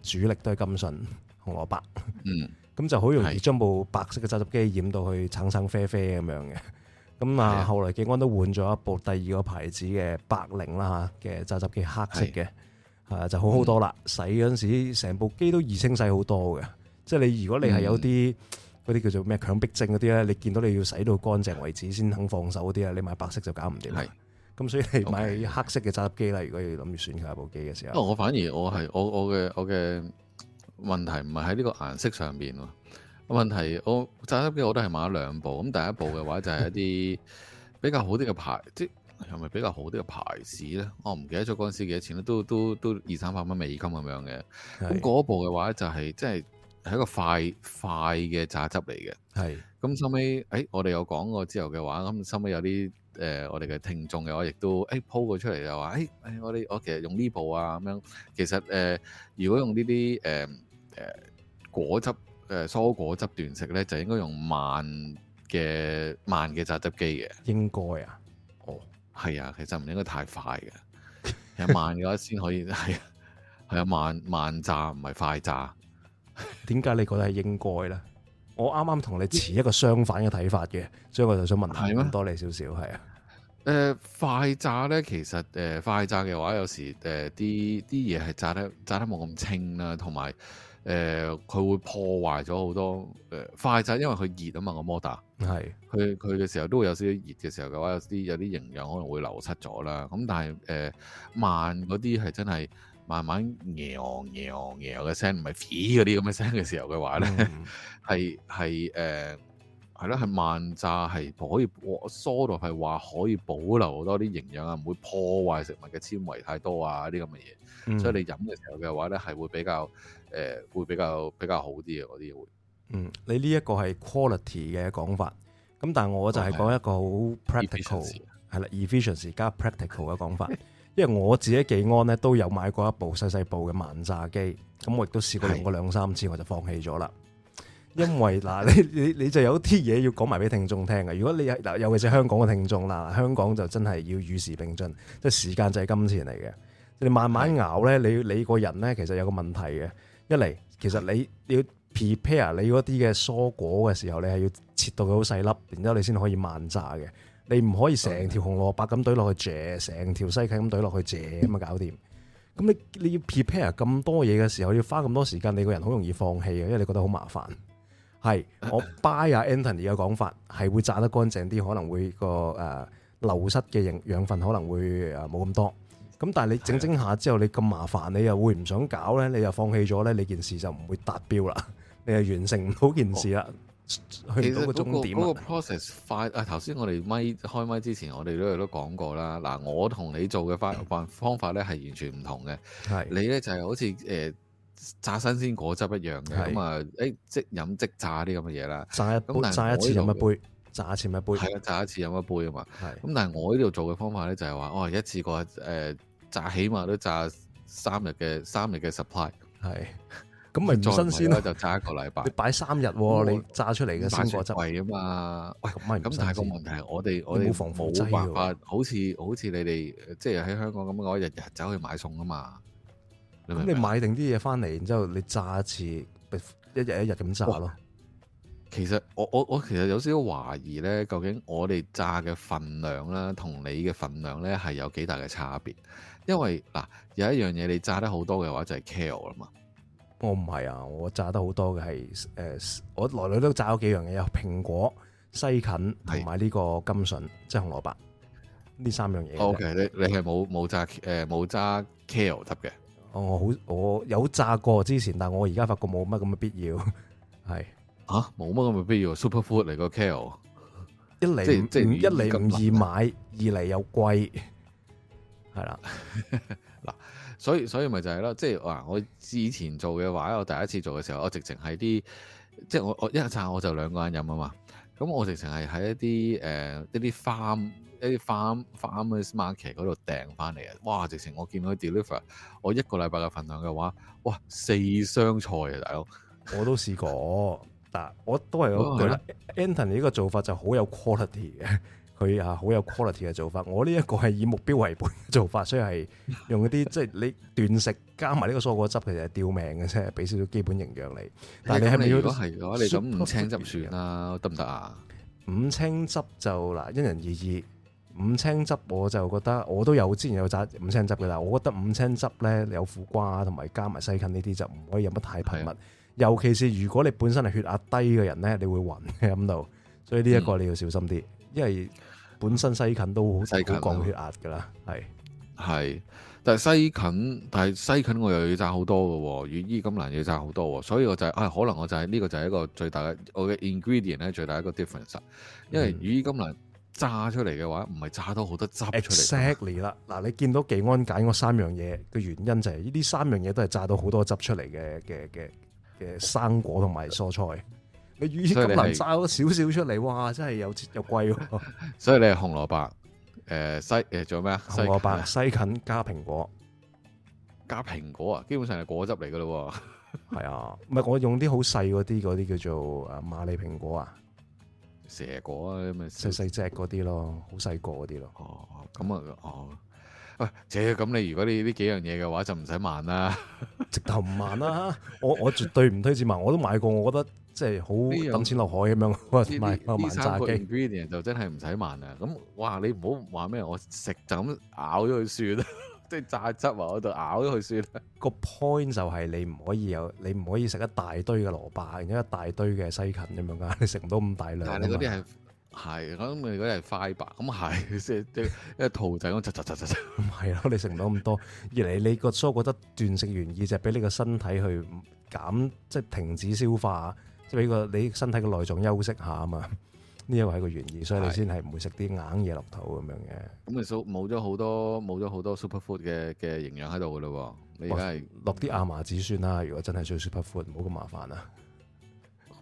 主力都係甘筍、紅蘿蔔。嗯。咁 就好容易將部白色嘅榨汁機染到去橙橙啡啡咁樣嘅。咁、嗯、啊， 後來技安都換咗一部第二個牌子嘅百靈啦嚇嘅榨汁機，黑色嘅。嗯係就好好多啦、嗯，洗嗰陣時成部機都易清洗好多嘅。即係你如果你係有啲嗰啲叫做咩強迫症嗰啲咧，你見到你要洗到乾淨為止先肯放手嗰啲啊，你買白色就搞唔掂。係，咁所以你買黑色嘅榨汁機啦。Okay, 如果要諗住選購部機嘅時候，哦，我反而我係我我嘅我嘅問題唔係喺呢個顏色上面喎。問題我榨汁機我都係買咗兩部。咁第一部嘅話就係一啲比較好啲嘅牌，即 係咪比較好啲嘅牌子咧？我、哦、唔記得咗嗰陣時幾多錢咧，都都都二三百蚊美金咁樣嘅。咁嗰部嘅話就係即係係一個快快嘅榨汁嚟嘅。係。咁收尾誒，我哋有講過之後嘅話，咁收尾有啲誒、呃、我哋嘅聽眾嘅話，亦都誒 po 過出嚟就話誒誒我哋我其實用呢部啊咁樣。其實誒、呃、如果用呢啲誒誒果汁誒、呃、蔬果汁斷食咧，就應該用慢嘅慢嘅榨汁機嘅。應該啊。係啊，其實唔應該太快嘅，有慢嘅話先可以係，係 啊，慢慢炸唔係快炸。點解你覺得係應該咧？ 我啱啱同你持一個相反嘅睇法嘅，所以我就想問下多你少少，係啊。誒、呃，快炸咧，其實誒、呃，快炸嘅話，有時誒，啲啲嘢係炸得炸得冇咁清啦，同埋。誒、呃、佢會破壞咗好多誒、呃、快炸，因為佢熱啊嘛個摩打，係佢佢嘅時候都會有少少熱嘅時候嘅話，有啲有啲營養可能會流失咗啦。咁、嗯、但係誒、呃、慢嗰啲係真係慢慢嘰嘰嘰嘅聲，唔係飛嗰啲咁嘅聲嘅時候嘅話咧，係係誒係咯，係、 呃、慢炸係可以疏導，係、哦、話可以保留多啲營養啊，唔會破壞食物嘅纖維太多啊啲咁嘅嘢，所以你飲嘅時候嘅話咧係會比較。誒會比較比較好啲嘅嗰啲會，嗯，你呢一個係 quality 嘅講法，咁但係我就係講一個好 practical 係啦 efficiency 加 practical 嘅講法，因為我自己技安咧都有買過一部細細部嘅慢炸機，咁 我亦都試過用過兩 三次，我就放棄咗 啦。因為嗱，你你你就有啲嘢要講埋俾聽眾聽嘅。如果你係嗱，尤其是香港嘅聽眾啦，香港就真係要與時並進，即係時間就係金錢嚟嘅。你慢慢熬咧， 你你個人咧其實有個問題嘅。一嚟，其實你你要 prepare 你嗰啲嘅蔬果嘅時候，你係要切到佢好細粒，然之後你先可以慢榨嘅。你唔可以成條紅蘿蔔咁㨃落去榨，成條西芹咁㨃落去榨咁啊搞掂。咁你你要 prepare 咁多嘢嘅時候，要花咁多時間，你個人好容易放棄呀，因為你覺得好麻煩。係我 buy 阿 Anthony 嘅講法，係會榨得乾淨啲，可能會個誒、呃、流失嘅營養分可能會誒冇咁多。咁但係你整整下之後，你咁麻煩，你又會唔想搞咧？你又放棄咗咧？你件事就唔會達標啦，你又完成唔到件事啦。哦、去到個終點。嗰、嗰個嗰個 process 快啊！頭先我哋咪開咪之前我、啊，我哋都有都講過啦。嗱，我同你做嘅方法咧係完全唔同嘅。係是你咧就係、是、好似誒榨新鮮果汁一樣嘅咁啊！誒是、嗯、即飲即榨啲咁嘅嘢啦，榨一咁一次飲一杯，榨一次飲一杯係啦，榨一次飲一杯啊嘛。係咁是但係我呢度做嘅方法咧就係話我一次過誒。呃呃呃炸起碼都炸三日嘅三日嘅 supply，係咁咪再唔新鮮咯，就炸一個禮拜。你擺三日喎，你炸出嚟嘅鮮果汁啊嘛。喂，咁咪唔新鮮。咁但係個問題係，我哋我哋冇辦法，好似好似你哋即係喺香港咁我日日走去買餸啊嘛。咁你，你買定啲嘢翻嚟，然之後你炸一次，一日一日咁炸咯。其實我我我其實有少少懷疑咧，究竟我哋炸嘅份量啦，同你嘅份量咧係有幾大嘅差別？因為嗱、啊，有一樣嘢你炸得好多嘅話就係 Kale 啦嘛。我唔係啊，我炸得好多嘅係誒，我來來都炸咗幾樣嘢有蘋果、西芹同埋呢個甘笋即係紅蘿卜呢三樣嘢。O、okay, K，你你係冇冇炸誒冇、呃、炸 Kale 得嘅、哦？我好我有炸過之前，但我而家發覺冇乜咁嘅必要。係啊，冇乜咁嘅必要。Super food 嚟個 Kale 一嚟一嚟唔易買，啊、二嚟又貴。係啦，嗱，所以所以咪就係咯，即係話我之前做嘅話，我第一次做嘅時候，我直情係啲，即係我我一餐我就兩個人飲啊嘛，咁我直情係喺一啲誒、呃、一啲 farm 一啲 farm farmers market 嗰度訂翻嚟嘅。哇！直情我見到佢 deliver，我一個禮拜嘅份量嘅話，哇四箱菜啊，大佬，我都試過， 但我都係我覺得 Antony 呢個做法就好有 quality 嘅。佢啊好有 quality 嘅做法，我呢一個係以目標為本嘅做法，所以係用嗰啲即係你斷食加埋呢個蔬果汁其實係吊命嘅啫，俾少少基本營養你。但係你係咪如果係嘅話，你飲，五青汁算啦，得唔得啊？五青汁就嗱，因人而異。五青汁我就覺得我都有之前有榨五青汁嘅，但我覺得五青汁咧有苦瓜同埋加埋西芹呢啲就唔可以飲得太頻密，尤其是如果你本身係血壓低嘅人咧，你會暈飲到，所以呢一個你要小心啲、嗯，因為。本身西芹都好、啊、降血壓㗎啦，係，係，但係西芹，但係西芹我又要榨好多嘅喎，羽衣甘藍要榨好多喎，所以我就係，啊、哎，可能我就係、是、呢、這個就係一個最大嘅我嘅 ingredient 咧，最大一個 difference，因為羽衣甘藍榨出嚟嘅話，唔係榨到好多汁出嚟、exactly 你啦，嗱，你見到技安揀嗰三樣嘢嘅原因就係呢啲三樣嘢都係榨到好多汁出嚟嘅嘅嘅嘅生果同埋蔬菜。你乳汁咁能揸咗少少出嚟。哇！真係有有貴。所以你係紅蘿蔔，誒、呃、西誒仲有咩啊？紅蘿蔔、西芹加蘋果，加蘋果啊！基本上係果汁嚟噶咯。係啊，唔係我用啲好細嗰啲嗰啲叫做誒馬麗蘋果啊，蛇果啊，咁啊細細隻嗰啲咯，好細個嗰啲咯。哦，咁啊，哦，喂，姐，咁你如果你呢幾樣嘢嘅話，就唔使慢啦，直頭唔慢啦。 我我絕對唔推薦慢，我都買過，我覺得。即係好抌錢落海咁樣，唔係呢三個 ingredient 就真係唔使慢啊。咁哇，你唔好話咩？我食就咁咬咗佢算啦，即係榨汁埋嗰度咬咗佢算啦。個 point 就係你唔可以有，你唔可以食一大堆嘅蘿蔔，然後一大堆嘅西芹咁樣㗎。你食唔到咁大量。但嗰啲係係嗰你嗰啲係快白咁係即係即係兔仔咁，摺摺摺摺摺，唔係咯？你食唔到咁多。二嚟你個蘇覺得斷食原意就係俾你個身體去減，即係停止消化。即俾個你身體嘅內臟休息下啊嘛，呢一個係個原意，所以你先係唔會食啲硬嘢落肚咁樣嘅。咁你冇咗好多冇咗好多 super food 嘅嘅營養喺度嘅咯喎，你而家係落啲亞麻籽算啦。如果真係想 super food，唔好咁麻煩啦。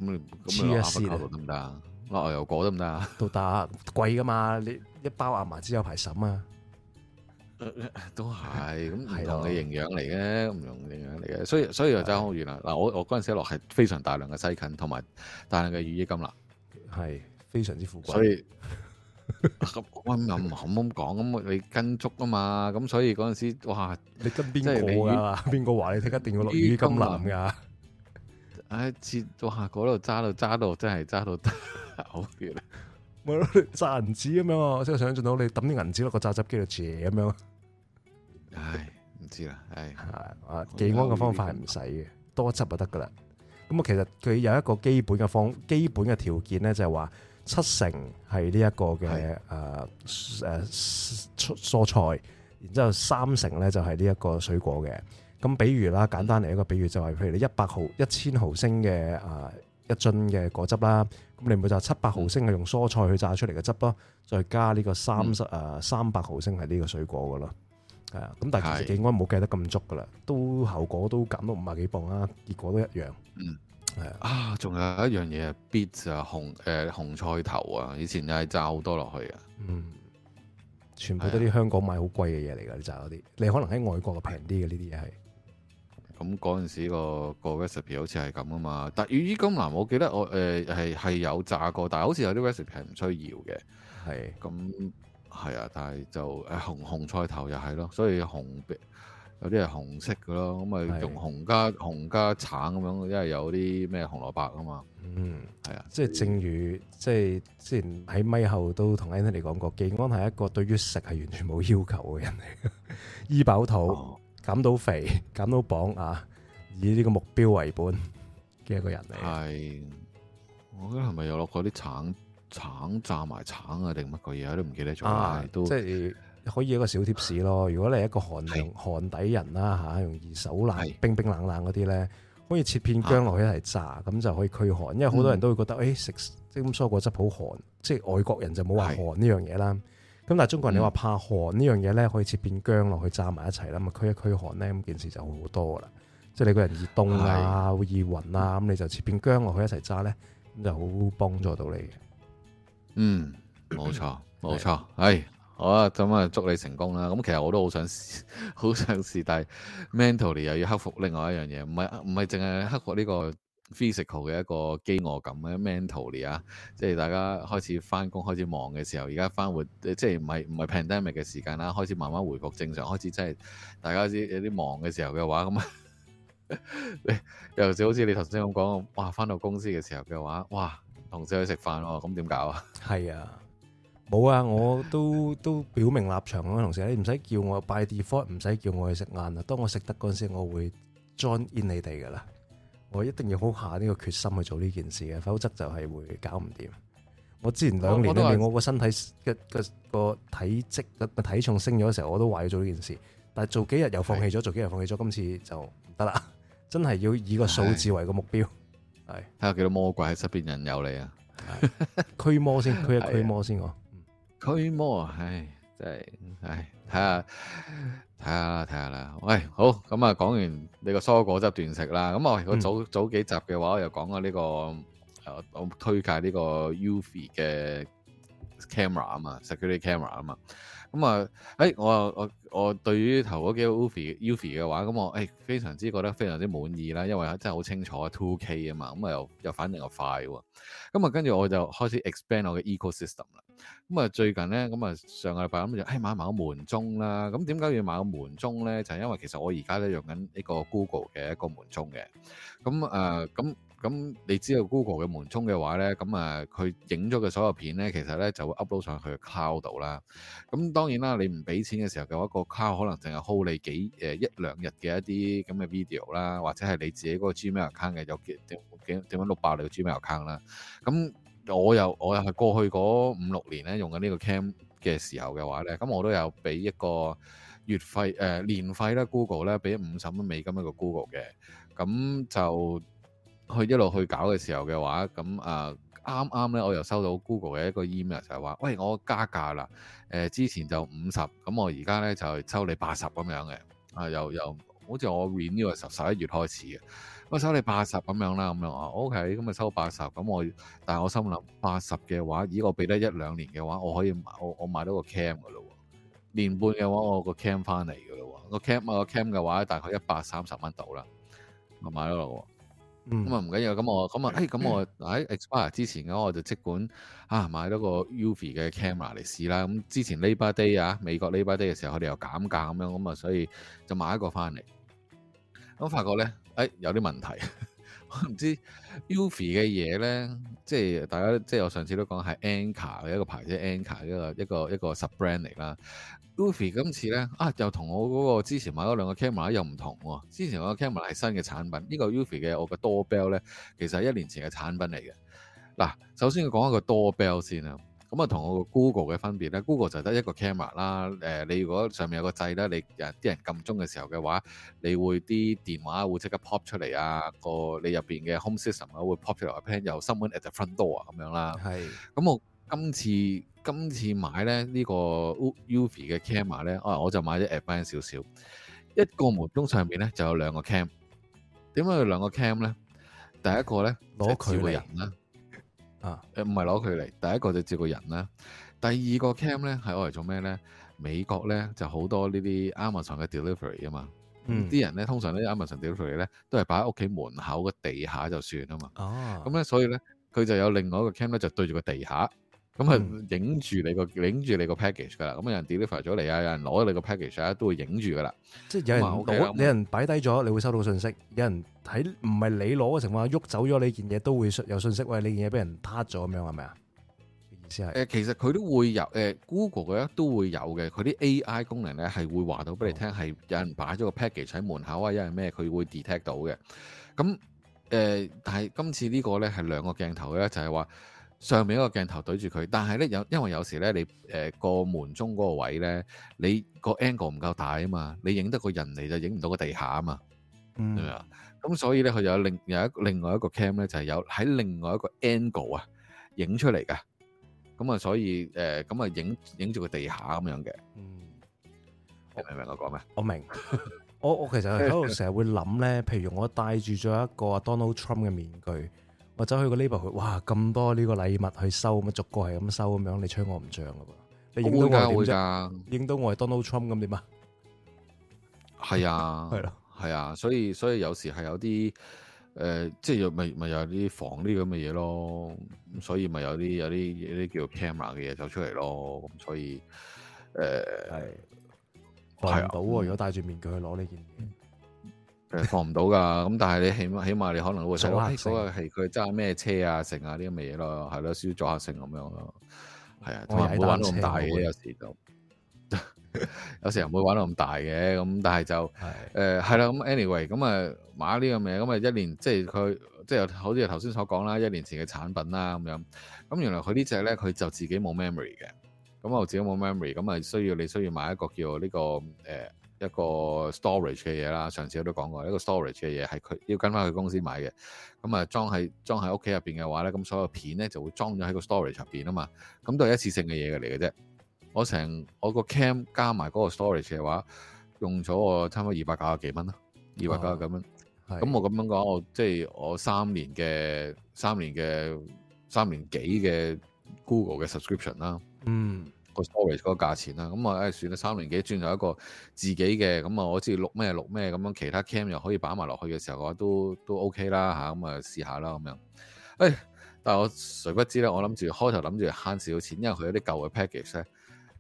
咁你黐一 S 得唔得啊？落、嗯嗯嗯、牛油果得唔得啊？都得，貴噶嘛？你一包亞麻籽有排十蚊啊！都係咁唔同嘅營養嚟嘅，唔同營養嚟嘅，所以所以又真好原來嗱，我我嗰陣時落係非常大量嘅西芹同埋大量嘅羽衣甘藍啦，係非常之富貴。所以咁啱啱講咁你跟足啊嘛，咁所以嗰陣時哇你跟邊個噶？邊個話你即一,一定要落羽衣甘藍噶？哎切哇嗰度揸到揸到真係揸到好熱，咪攞揸銀紙咁樣，即係想象到你抌啲銀紙落個榨汁機度斜咁樣。唉，唔知啦。係啊，技安嘅方法係唔使嘅，多汁就得噶啦。咁啊，其實佢有一個基本嘅方，基本嘅條件咧就係話七成係呢一個嘅誒誒蔬蔬菜，然之後三成咧就係呢一個水果嘅。咁比如啦，簡單嚟一個比喻就係，譬如你一百毫一千毫升嘅啊一樽嘅果汁啦，咁你咪就七百毫升係用蔬菜去榨出嚟嘅汁咯，再加呢個三十誒三百毫升係呢個水果噶咯。係啊，咁但係其實應該冇計得咁足噶啦，都效果都減到五十幾磅啦，結果都一樣。嗯，係啊。仲有一樣嘢，必就係紅誒、呃、紅菜頭啊！以前又係炸好多落去嘅。嗯，全部都啲香港買好貴嘅嘢嚟噶，你炸嗰啲，你可能喺外國平啲嘅呢啲嘢係。咁嗰陣時、嗰個 recipe 好似係咁啊嘛，但魚金蘭我記得我誒係係有炸過，但好似有啲 recipe 係唔需要嘅，係咁。係啊，但係就誒、哎、紅紅菜頭又係咯，所以紅有啲係紅色嘅咯，咁咪用紅加紅加橙咁樣，因為有啲咩紅蘿蔔啊嘛。嗯，係啊，即係正如即係之前喺咪後都同 Anthony 嚟講過，技安係一個對於食係完全冇要求嘅人嚟， 醫飽肚、哦、減到肥、減到磅啊，以呢個目標為本嘅一個人嚟。係，我覺得係咪有落過啲橙？橙炸埋橙啊，定乜鬼嘢？我都唔記得咗啦。都即係可以一個小貼士咯。如果你係一個寒寒底人啦嚇，容易手冷、冰冰冷冷嗰啲咧，可以切片薑落去一齊炸，咁、啊、就可以驅寒。因為好多人都會覺得誒、嗯哎、食即係咁，蔬果汁好寒。即係外國人就冇話寒呢樣嘢啦。咁、嗯、但係中國人你話怕寒呢樣嘢咧，可以切片薑落去炸埋一齊啦，咪驅一驅寒咧，咁件事就好好多噶啦。即係你個人易凍啊，會易暈啊，咁你就切片薑落去一齊炸咧，咁就好幫助到你嘅。嗯，冇錯冇錯，係好啊！咁、嗯、啊，祝你成功啦！咁其實我都好想好想試，但係 mentally 又要克服另外一樣嘢，唔係唔係淨係克服呢個 physical 嘅一個飢餓感嘅 mentally 啊，即係、就是、大家開始翻工開始忙嘅時候，而家翻活即係唔係唔係 pandemic 嘅時間啦，開始慢慢回復正常，開始真、就、係、是、大家有啲忙嘅時候嘅話，咁啊， 尤其好似你頭先咁講，哇！翻到公司嘅時候嘅話，哇！同事去食飯咯，咁點搞啊？係啊，冇啊，我都都表明立場咁啊， 同事你唔使叫我 By default，唔使叫我去食晏啦。當我食得嗰陣時，我會 join in 你哋噶啦。我一定要好下呢個決心去做呢件事嘅，否則就係會搞唔掂。我之前兩年都面，哦，我個身體個個個體積體重升咗嘅時候，我都話要做呢件事，但係做幾日又放棄咗，做幾日放棄咗，今次就唔得啦。真係要以個數字為個目標。係睇下幾多魔鬼喺身邊引誘你啊！驅 魔先，驅一驅魔先我、啊啊。驅魔啊！唉，真係唉，睇下睇下睇下啦。喂，好咁啊，講完你個蔬果汁斷食啦。咁啊，我早、嗯、早幾集嘅話，我又講下呢個，誒，我推介呢個 Eufy 嘅 camera 啊嘛，security camera 啊嘛。咁、嗯、啊，誒、哎、我我我對於頭嗰幾個 Eufy Eufy 嘅話，咁我誒、哎、非常之覺得非常之滿意啦，因為真係好清楚，two 啊 K 啊嘛，咁、嗯、啊又又反應又快喎、啊。咁、嗯、啊跟住我就開始 expand 我嘅 ecosystem、嗯嗯哎、買買啦。咁啊最近咧，咁啊上個禮拜咁就誒買埋個門鐘啦。咁點解要買個門鐘咧？就係、是、因為其實我而家咧用緊呢個 Google 嘅一個門鐘嘅。咁誒咁。呃嗯咁你知道 Google 嘅門鐘嘅話咧，咁啊佢影咗嘅所有片咧，其實咧就會 upload 上去個 cloud 度啦。咁當然啦，你唔俾錢嘅時候嘅話，個 cloud 可能淨係 hold 你幾誒一兩日嘅一啲咁嘅 video 啦，或者係你自己嗰個 Gmail account 嘅有幾點點點樣碌爆你個 Gmail account 啦。咁我又我又係過去嗰五六年咧用緊呢個 cam 嘅時候嘅話咧，咁我都有俾一個月費誒年費咧 Google 咧俾五十蚊美金一個 Google 嘅，咁就。去一路去搞嘅時候嘅話，咁啊啱啱咧，我又收到 Google 嘅一個 email 就係、是、話，喂，我加價啦。誒、呃，之前就五十，咁我而家咧就是、收你八十咁樣嘅啊，又又好似我 renew 嘅時候十一月開始嘅，我收你八十咁樣啦，咁樣啊，O K，咁啊收八十咁我，但係我心諗八十嘅話，咦我俾得一兩年嘅話，我可以買我我買到個 Cam 嘅咯喎，年半嘅話我個 Cam 翻嚟嘅咯喎，個 Cam 啊個 Cam 嘅話大概一百三十蚊到啦，我買咗咯。咁啊唔緊要，咁我咁、嗯、啊，誒咁我喺 expiry 之前咁，我就即管啊買咗個 Eufy 嘅 camera 嚟試啦。咁之前 Labor Day 啊，美國 Labor Day 嘅時候，我哋又減價咁樣，咁啊，所以就買一個翻嚟。咁發覺咧，誒、哎、有啲問題，我唔知 Eufy 嘅嘢咧，即係大家即係我上次都講係 Anker 嘅一個牌子，Anker 一個 Anker, 一個一個,個 sub brand 嚟啦。Eufy 今次咧啊，又同我嗰個之前買嗰兩個 camera 又唔同喎，啊。之前我個 camera 係新嘅產品，這個、的的呢個 Eufy 嘅我個 doorbell 咧，其實係一年前嘅產品嚟嘅。嗱，首先要講一個 doorbell 先啊。咁啊，同我個 Google 嘅分別咧，Google 就得一個 camera 啦。誒、呃，你如果上面有個掣咧，你有人啲人撳鍾嘅時候嘅話，你會啲電話會即刻 pop 出嚟啊。個你入邊嘅 home system 啊會 pop 出嚟 plan 有 someone at the front door 啊咁樣啦。係。咁我今次。今次買咧呢、這個 Eufy 嘅 camera 咧，啊我就買咗 Advanced 少少。一個門鐘上面咧就有兩個 cam，點解有兩個 cam 咧？第一個咧攞佢人啦，啊誒唔係攞佢嚟；第一個就接個人啦。第二個 cam 咧係我嚟做咩咧？美國咧就好多呢啲 Amazon 嘅 delivery 啊嘛，嗯，啲人咧通常呢啲 Amazon delivery 咧都係擺喺屋企門口嘅地下就算啊嘛，哦、啊，咁、嗯、咧所以咧佢就有另外一個 cam 咧就對住個地下。咁、嗯、啊，影住你個影住你個 package 噶啦，咁、嗯、有人 deliver 咗嚟啊，有人攞咗你個 package 啊，都會影住噶啦。即係有人 okay,，有人擺低咗，你會收到信息。有人喺唔係你攞嘅情況下，喐走咗你件嘢，都會有信息喂，你件嘢俾人撻咗咁樣，係咪啊？意思係誒，其實佢都會有誒、呃、，Google 嘅都會有嘅，佢啲 AI 功能咧係會話到俾你聽，係、嗯、有人擺咗個 package 喺門口啊，因為咩，佢會 detect 到嘅。咁、嗯、誒、呃，但係今次個呢個咧係兩個鏡頭嘅咧，就係、是、話。上面一個鏡頭對住佢，但係咧有因為有時咧你誒過門中嗰個位咧，你個 angle 唔夠大啊嘛，你影得個人嚟就影唔到個地下啊嘛，明唔明啊？咁所以咧佢有另有一另外一個 cam 咧就係有喺另外一個 angle 啊，影出嚟㗎，咁啊所以誒咁啊影影住個地下咁樣嘅，你明唔明我講咩？我明，我我其實係喺度成日會諗咧，譬如我戴住咗一個 Donald Trump 嘅面具。或走去個 lab，佢哇咁多呢個禮物去收，咁啊逐個係咁收咁樣，你吹我唔漲噶噃？你唔會加會影到我係 Donald Trump 咁點啊？係 啊，係咯，係啊，所以所以有時係有啲誒、呃，即係又咪咪有啲、即係即係、防啲咁嘅嘢咯，所以咪有啲有啲有啲叫 camera 嘅嘢走出嚟咯，咁所以誒係睇唔到喎，如果戴住面具去攞呢件嘢。 放唔到噶，咁但係你起碼起碼你可能會做下，所謂係佢揸咩車啊、剩啊啲咁嘅嘢咯，係咯，少咗下剩咁樣咯，係啊，我唔會玩到咁大嘅，有時就，嗯、 有時又唔會玩到咁大嘅，咁但係就，誒，係啦，咁 anyway，咁啊買呢樣嘢，咁啊一年，即係佢，即係好似頭先所講啦，一年前嘅產品啦，咁樣，咁原來佢呢隻咧，佢就自己冇 memory 嘅，咁我自己冇 memory，咁啊需要你需要買一個叫呢個誒。呃一個 storage 嘅嘢啦，上次我都講過，一個 storage 嘅嘢係佢要跟翻佢公司買嘅，咁啊裝喺裝喺屋企入面嘅話咧，咁所有片咧就會裝咗喺個 storage 入面啊嘛，咁都係一次性嘅嘢嚟嘅啫。我成我個 cam 加埋嗰個 storage 嘅話，用咗我差唔多二百九十幾蚊啦，二百九十九蚊。咁、哦、我咁樣講，我即係我三年嘅三年嘅三年幾嘅 Google 嘅 subscription 啦。嗯。個 storage 個價錢啦，咁啊誒，算啦，三年幾轉咗一個自己嘅，咁啊，我知錄咩錄咩，咁樣其他 cam 又可以擺埋落去嘅時候嘅話，都都 OK 啦吓，咁啊試下啦咁樣。誒，但係我誰不知咧，我諗住開頭諗住慳少少錢，因為佢有啲舊嘅 package 咧，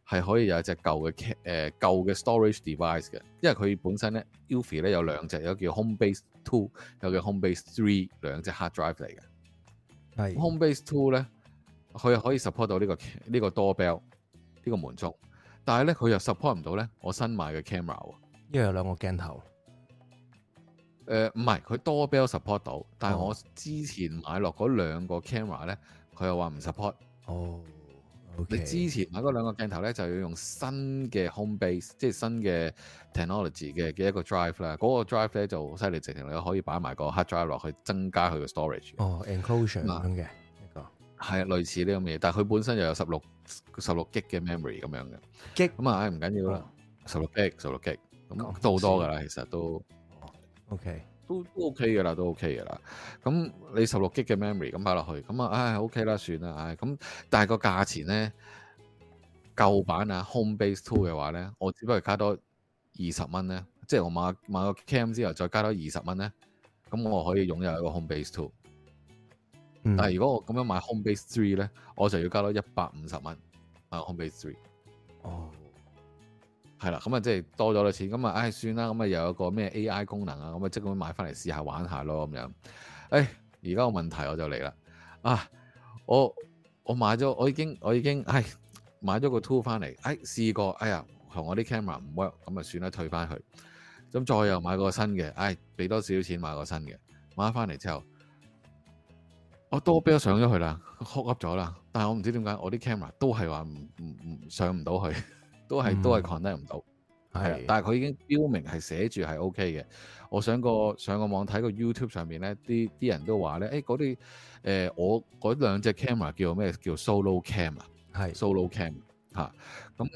係可以有一隻舊嘅誒、呃、舊嘅 storage device 嘅，因為佢本身咧 Eufy 咧有兩隻，有叫 Homebase Two，有叫 Homebase Three，兩隻 hard drive 嚟嘅。係 Homebase Two 咧，佢又可以 support 到呢、呢個 doorbell。呢個 doorbell，呢、這個滿足，但係咧佢又 support 唔到咧我新買嘅 camera，因為有兩個鏡頭。誒唔係佢多比較 support 到，但係我之前買落嗰兩個 camera 咧，佢又話唔 support。哦、okay，你之前買嗰兩個鏡頭咧，就要用新嘅 home base，即係新嘅 technology 嘅嘅一個 drive 啦。嗰個 drive 咧就好犀利，直情你可以擺埋個 hard drive 落去增加佢嘅 storage。哦，enclosure 嘅。係啊，類似呢咁嘅嘢，但係佢本身又有十六十六 G 嘅 memory 咁樣嘅，G 咁啊，唔緊要啦，十六 G，十六 G，咁都好多㗎啦，其實都、oh，OK，都 OK 㗎啦，都 OK 㗎啦。咁、OK 嗯、你十六 G 嘅 memory 咁擺落去，咁、嗯、啊，唉、哎、OK 啦，算啦，唉、哎，咁、嗯、但係個價錢咧，舊版啊，Home Base Two 嘅話咧，我只不過加多二十蚊咧，即係我買買個 cam 之後再加多二十蚊咧，咁我可以擁有一個 Home Base Two。但係如果我咁樣買 Homebase Three 咧，我就要加多一百五十蚊啊！Homebase Three，哦，係啦，咁啊即係多咗啲錢，咁啊唉算啦，咁啊又有個咩 AI 功能啊，咁啊即係咁買翻嚟試下玩下咯咁樣。誒、哎，而家個問題我就嚟啦啊！我我買咗，我已經我已經唉、哎、買咗個 Two 翻嚟，唉、哎、試過，哎呀同我啲 camera 唔 work，咁啊算啦，退翻去。咁再又買個新嘅，唉、哎，俾多少少錢買個新嘅，買翻嚟之後。我、啊、都俾我上咗去啦，hook up 咗啦，但我唔知點解我啲 camera 都係話唔唔唔上唔到去，都係、嗯、都係 connect 唔到，係。但係佢已經標明係寫住係 O.K. 嘅。我上個、嗯、上個網睇個 YouTube 上面咧，啲啲人都話咧，誒嗰啲誒我嗰兩隻 camera 叫做咩？叫 Solo Camera 係 Solo Cam 吓咁。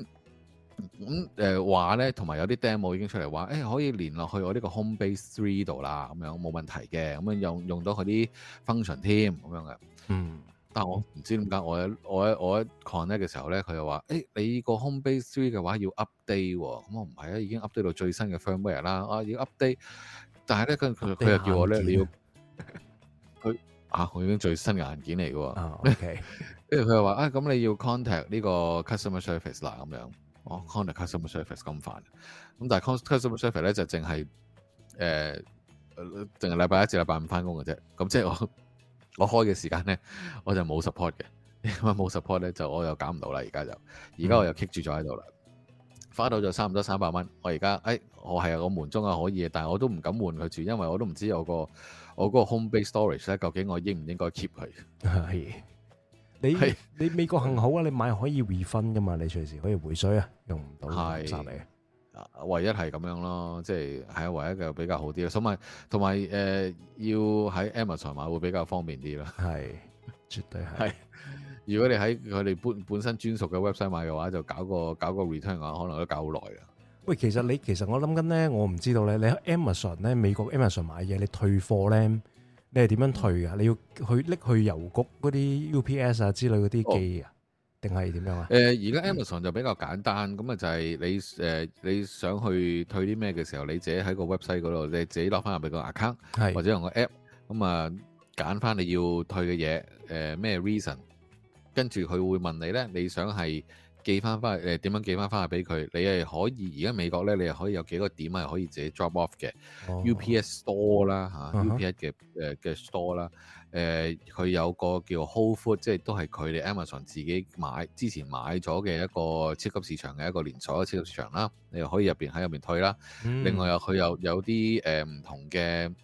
咁誒話咧，同、呃、埋有啲 demo 已經出嚟話，誒、欸、可以連落去我呢個 Home Base Three 度啦，咁樣冇問題嘅，咁樣用用到佢啲 function 添，咁樣嘅。嗯，但我唔知點解我一我一我一 connect 嘅時候咧，佢又話，誒、欸、你個 Home Base Three 嘅話要 update 喎、哦，咁我唔係啊，已經 update 到最新嘅 firmware 啦，啊要 update，但係咧跟佢佢又叫我咧、uh, 你要，佢、uh, 啊，我已經最新嘅硬件嚟嘅喎。O K，跟住佢又話，啊咁你要 contact 呢個 customer service 啦，咁樣。哦、oh, contact customer service 咁煩，咁、嗯、但係 contact customer service 咧，就淨係誒淨係禮拜一至禮拜五翻工嘅啫，咁即係我我開嘅時間咧我就冇 support 嘅，因為冇 support 咧就我又搞唔到啦，而家就而家我又 keep 住咗喺度啦，花到就差唔多三百蚊，我而家誒我係啊我門鐘啊可以嘅，但係我都唔敢換佢住，因為我都唔知我個我嗰個 home base storage 咧究竟我應唔應該 keep 佢。係。你你美國幸好啊！你買可以 refund 噶嘛？你隨時可以回水啊，用唔到都唔殺你。唯一係咁樣咯，即係係啊，唯一嘅比較好啲咯。咁啊，同埋誒要喺 Amazon 買會比較方便啲咯。係，絕對係。如果你喺佢哋本本身專屬嘅 website 買嘅話，就搞個搞個 return 嘅話，可能都搞好耐啊。喂，其實你其實我諗緊咧，我唔知道咧，你喺 Amazon 咧美國 Amazon 買嘢，你退貨咧？你係點樣退㗎？你要去搦去郵局嗰啲 UPS 啊之類嗰啲機啊，定係點樣啊？誒、呃，而家 Amazon 就比較簡單，咁、嗯、啊就係你誒、呃、你想去退啲咩嘅時候，你自己喺個 website 嗰度，你自己落翻入個 account，或者用個 app，咁啊揀翻你要退嘅嘢，誒、呃、咩 reason，跟住佢會問你咧，你想係，寄翻翻嚟，誒點樣寄翻翻嚟俾佢？你係可以而家美國咧，你係可以有幾個點啊，係可以自己 drop off 嘅、oh. UPS store 啦、啊 uh -huh.，UPS 嘅誒嘅 store 啦，誒、呃、佢有個叫 Whole Food，即係都係佢哋 Amazon 自己買之前買咗嘅一個超級市場嘅一個連鎖超級市場啦。你又可以入邊喺入邊退啦。另外又佢又有啲誒唔同嘅，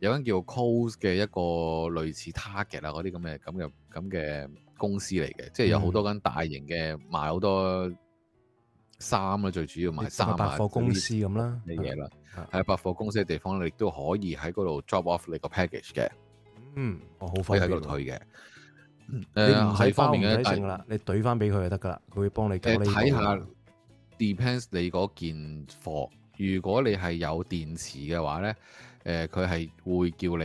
有間、呃、叫做 Kohl's 嘅一個類似 Target 啊嗰啲咁嘅咁嘅咁嘅。公司嚟嘅，即係有好多間大型嘅賣好多衫啦，啊，最主要賣衫啊，百貨公司咁啦嘅嘢啦。係、啊啊、百貨公司嘅地方你亦都可以喺嗰度 drop off 你個 package 嘅。嗯，我好快可以喺度退嘅。誒，係方便嘅，但你懟翻俾佢就得噶，佢會幫你，你。睇下 depends 你嗰件貨，如果你係有電池嘅話咧，誒、呃，佢係會叫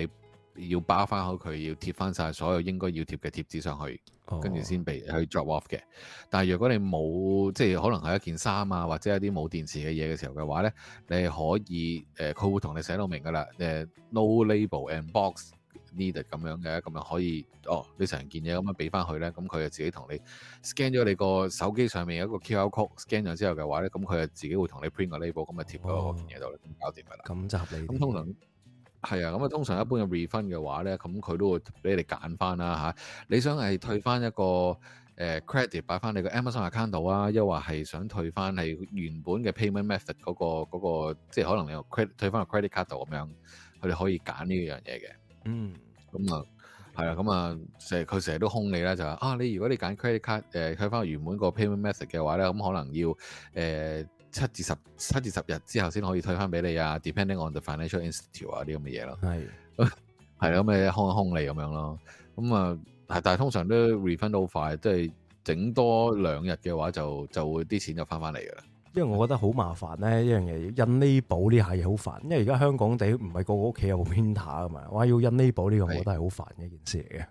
你要包翻好佢，要貼翻晒所有應該要貼嘅貼紙上去。跟住先被去 drop off 嘅，但係如果你冇即係可能係一件衫啊，或者一啲冇電池嘅嘢嘅時候嘅話咧，你可以誒，佢、呃、會同你寫到明噶啦，誒、呃、no label and box needed 咁樣嘅，咁又可以哦，你成件嘢咁樣俾翻佢咧，咁佢就自己同你 scan 咗你個手機上面有一個 QR code scan 咗之後嘅話咧，咁佢就自己會同你 print 個 label 咁啊貼到嗰件嘢度，咁搞掂佢啦。咁就合理。咁通常。係啊，咁啊，通常一般嘅 refund 嘅話咧，咁佢都會俾你哋揀翻啦嚇。你想係退翻一個誒、呃、credit 擺翻你個 Amazon account 度啊，抑或係想退翻係原本嘅 payment method 嗰、個即係、嗰個即係、可能你個 credit 退翻個 credit card 度咁樣，佢哋可以揀呢樣嘢嘅。嗯。咁啊，係啊，咁啊，成佢成日都兇你啦，就話、係、啊，你如果你揀 credit card 誒退翻原本個 payment method 嘅話咧，咁可能要誒。呃七至十七至十日之後先可以退翻俾你啊，depending on the financial institute 啊啲咁嘅嘢咯，係係咯，咁你空一空嚟咁樣咯，咁啊係，但係通常都 refund 好快，即係整多兩日嘅話就就會啲錢就翻翻嚟噶啦。因為我覺得好麻煩咧，一樣嘢印呢簿呢下嘢好煩，因為而家香港地唔係個個屋企有個 printer 噶嘛，哇要印呢簿呢個我覺得係好煩嘅一件事嚟嘅。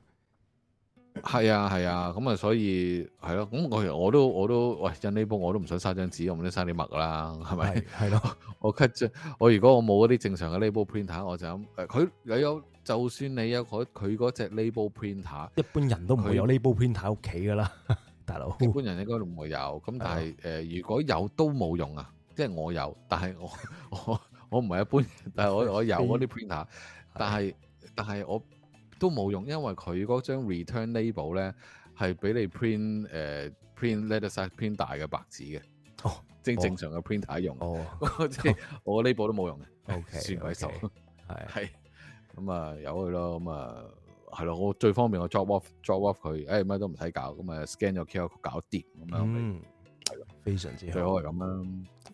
係啊，係啊，咁啊，所以係咯，咁、啊、我我都我都喂印呢部我都唔想嘥張紙，我唔想嘥啲墨啦，係咪？係咯，我 cut 我，我如果我冇嗰啲正常嘅 label printer，我就咁。佢、呃、有有，就算你有佢佢嗰隻 label printer，一般人都唔會有，有 label printer 喺屋企噶啦，大佬。一般人應該都唔會有，咁但係誒、呃，如果有都冇用啊。即係我有，但係我我我唔係一般，但係我我有嗰啲 printer，但係但係我。都冇用，因為佢嗰張 return label 咧係俾你 print 誒、uh, print letter size 偏大嘅白紙嘅，oh, 正正常嘅 printer 用嘅。哦、oh. oh. oh.，oh. 即係我呢部都冇用嘅。O、okay, K，算鬼數。係係咁啊，由、okay. 佢咯。咁、嗯、啊，係咯，我最方便我 drop off drop off 佢，誒咩、哎、都唔使搞，咁啊 scan 咗佢搞掂咁樣。係、嗯、咯，非常之好。最好係咁啦。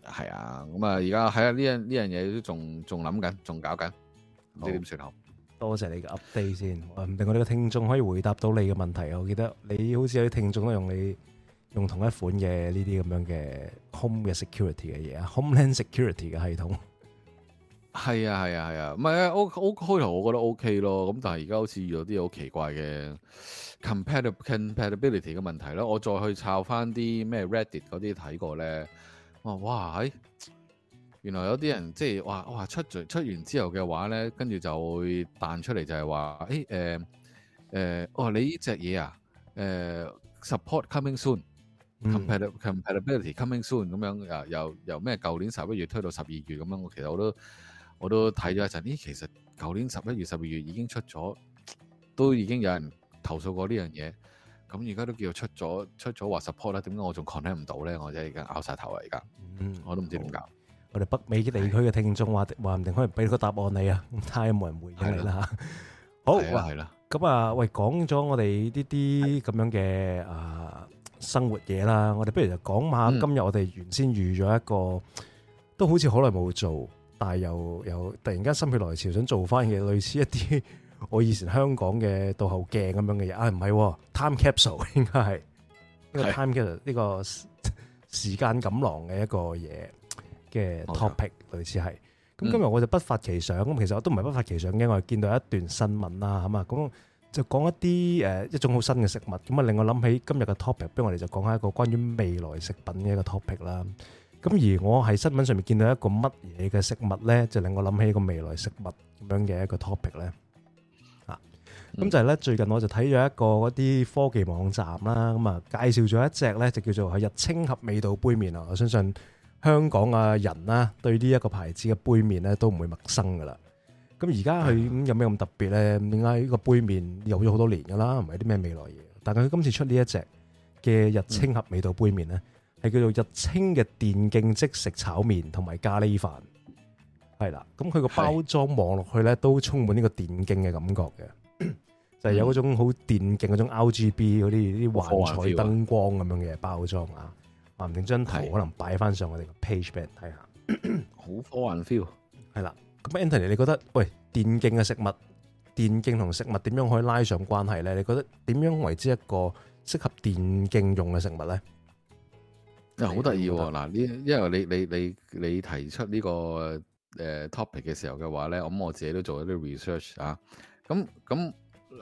係啊，咁啊而家喺啊呢樣呢樣嘢都仲仲諗緊，仲、哎、搞緊，唔知點算好。多謝你嘅 update 先，令我呢個聽眾可以回答到你嘅問題。我記得你好似有啲聽眾都用你用同一款嘅呢啲咁樣嘅 home 嘅 security 嘅嘢，homeland security 嘅系統。係啊，係啊，係啊，唔係啊，我我開頭我覺得 OK 咯，咁但係而家好似遇到啲好奇怪嘅 compatibility 嘅問題咯。我再去查返啲咩 Reddit 嗰啲睇過咧，哇 w 原來有啲人即係話，話出咗出完之後嘅話咧，跟住就會彈出嚟，就係話，誒誒誒，哦，你呢隻嘢啊，誒 support coming soon, compatibility coming soon 咁樣，由由由咩？舊年十一月推到十二月咁樣，我其實我都我都睇咗一陣，咦，其實舊年十一月、十二月已經出咗，都已經有人投訴過呢樣嘢，咁而家都叫做出咗出咗話 support 啦，點解我仲 contact 唔到咧？我真係而家拗晒頭啊！而家，嗯、我都唔知點搞如何。我哋北美嘅地區嘅聽眾話話唔定可能俾個答案你啊，太冇人回應你啦吓。好係啦，咁啊喂，講咗我哋呢啲咁樣嘅啊生活嘢啦，我哋不如就講下今日我哋原先預咗一個都好似好耐冇做，但係又又突然間心血來潮想做翻嘅類似一啲我以前香港嘅倒後鏡咁樣嘅嘢啊，唔係 time capsule 應該係呢個 time capsule 呢個時間錦囊嘅一個嘢。嘅 topic、okay。類似係咁，今日我就不發奇想，咁、嗯，其實我都唔係不發奇想嘅，我係見到一段新聞啦，咁啊，咁就講一啲誒、呃、一種好新嘅食物，咁啊令我諗起今日嘅 topic，不如我哋就講下一個關於未來食品嘅一個 topic 啦。咁而我喺新聞上面見到一個乜嘢嘅食物呢？就令我諗起一個未來食物咁樣嘅一個 topic、啊、呢。咁就係咧，最近我就睇咗一個嗰啲科技網站啦，咁啊介紹咗一隻呢，就叫做係日清合味道杯麵啊，我相信。香港啊人啦，對呢一個牌子嘅杯麵咧都唔會陌生噶啦。咁而家佢咁有咩咁特別咧？點解呢個杯麵有咗好多年噶啦，唔係啲咩未來嘢。但係佢今次出呢一隻嘅日清合味道杯麵咧，係、嗯、叫做日清嘅電競即食炒麵同埋咖喱飯。係啦，咁佢個包裝望落去咧，都充滿呢個電競嘅感覺嘅， 就係、係、有嗰種好電競嗰種 RGB 嗰啲啲幻彩燈光咁樣嘅包裝啊。話、啊、唔定張圖可能擺翻上我哋個 page 俾人睇下，好科幻 feel。係啦，咁 Antony 你覺得喂電競嘅食物，電競同食物點樣可以拉上關係咧？你覺得點樣為之一個適合電競用嘅食物咧？啊，好得意喎！嗱、啊，呢因為你你你你提出呢個誒 topic 嘅時候嘅話咧，我諗我自己都做咗啲 research 啊。咁咁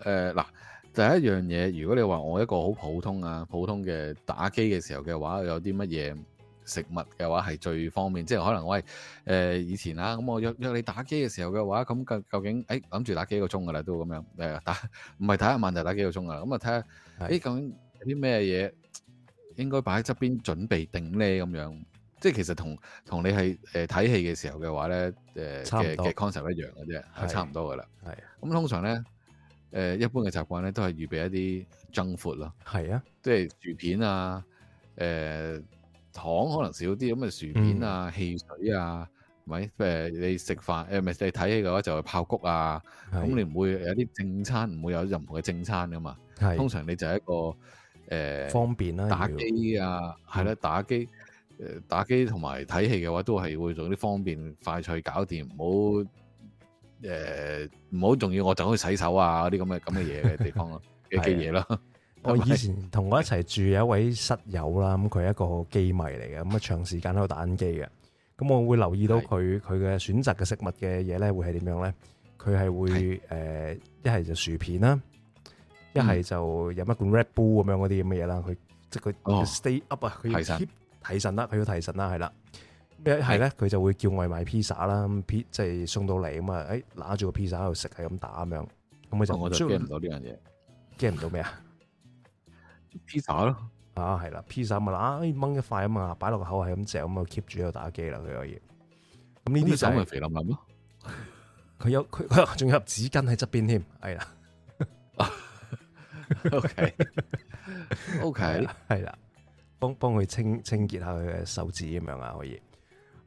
誒嗱。啊啊第一樣嘢，如果你話我一個好普通啊，普通嘅打機嘅時候嘅話，有啲乜嘢食物嘅話係最方便，即係可能我係誒、呃、以前啊，咁、嗯、我約約你打機嘅時候嘅話，咁究究竟誒諗住打幾個鐘噶啦都咁樣誒、呃、打，唔係睇下晚就打幾個鐘噶啦，咁啊睇下誒究竟啲咩嘢應該擺喺側邊準備定咧咁樣，即係其實同同你係誒睇戲嘅時候嘅話咧誒嘅嘅 concept 一樣嘅啫，係差唔多噶啦，係咁、嗯、通常咧。誒、呃、一般嘅習慣咧，都係預備一啲 junk food 咯。係啊，即係薯片啊，誒、呃、糖可能少啲咁嘅薯片啊、汽水啊，係、嗯、咪？誒、呃、你食飯誒，唔、呃、係你睇戲嘅話就係爆谷啊。咁、啊、你唔會有啲正餐，唔會有任何嘅正餐噶嘛。係、啊，通常你就係一個誒、呃、方便啦、啊，打機啊，係啦、啊嗯，打機誒、呃、打機同埋睇戲嘅話，都係會做啲方便快脆搞掂，唔好。誒、呃，唔好重要，我就去洗手啊，啲咁嘅咁嘅嘢嘅地方咯，嘅嘢咯。啊、 我以前同我一齊住有一位室友啦，咁佢係一個機迷嚟嘅，咁啊長時間喺度打緊機嘅，咁我會留意到佢佢嘅選擇嘅食物嘅嘢咧，會係點樣咧？佢係會誒，一係、呃、就薯片啦，一係就飲一罐 Red Bull 咁樣嗰啲咁嘅嘢啦。佢、嗯、即係佢 stay up 啊、哦，佢要 keep 提神啦，佢要提神啦，係啦。誒，係咧，佢就會叫外賣披薩啦，披即係送到嚟啊嘛，誒，拿住個披薩喺度食，係咁打咁樣，咁佢就……我就驚唔到呢樣嘢，驚唔到咩啊？披薩咯，啊，係啦，披薩咪啦，掹、啊、一塊啊嘛，擺落個口係咁嚼，咁啊 keep 住喺度打機啦，佢可以。咁呢啲手咪肥林林咯。佢有佢仲有紙巾喺側邊添，係啦。O K，O K，係啦，幫幫佢清清潔下佢嘅手指咁樣啊，可以。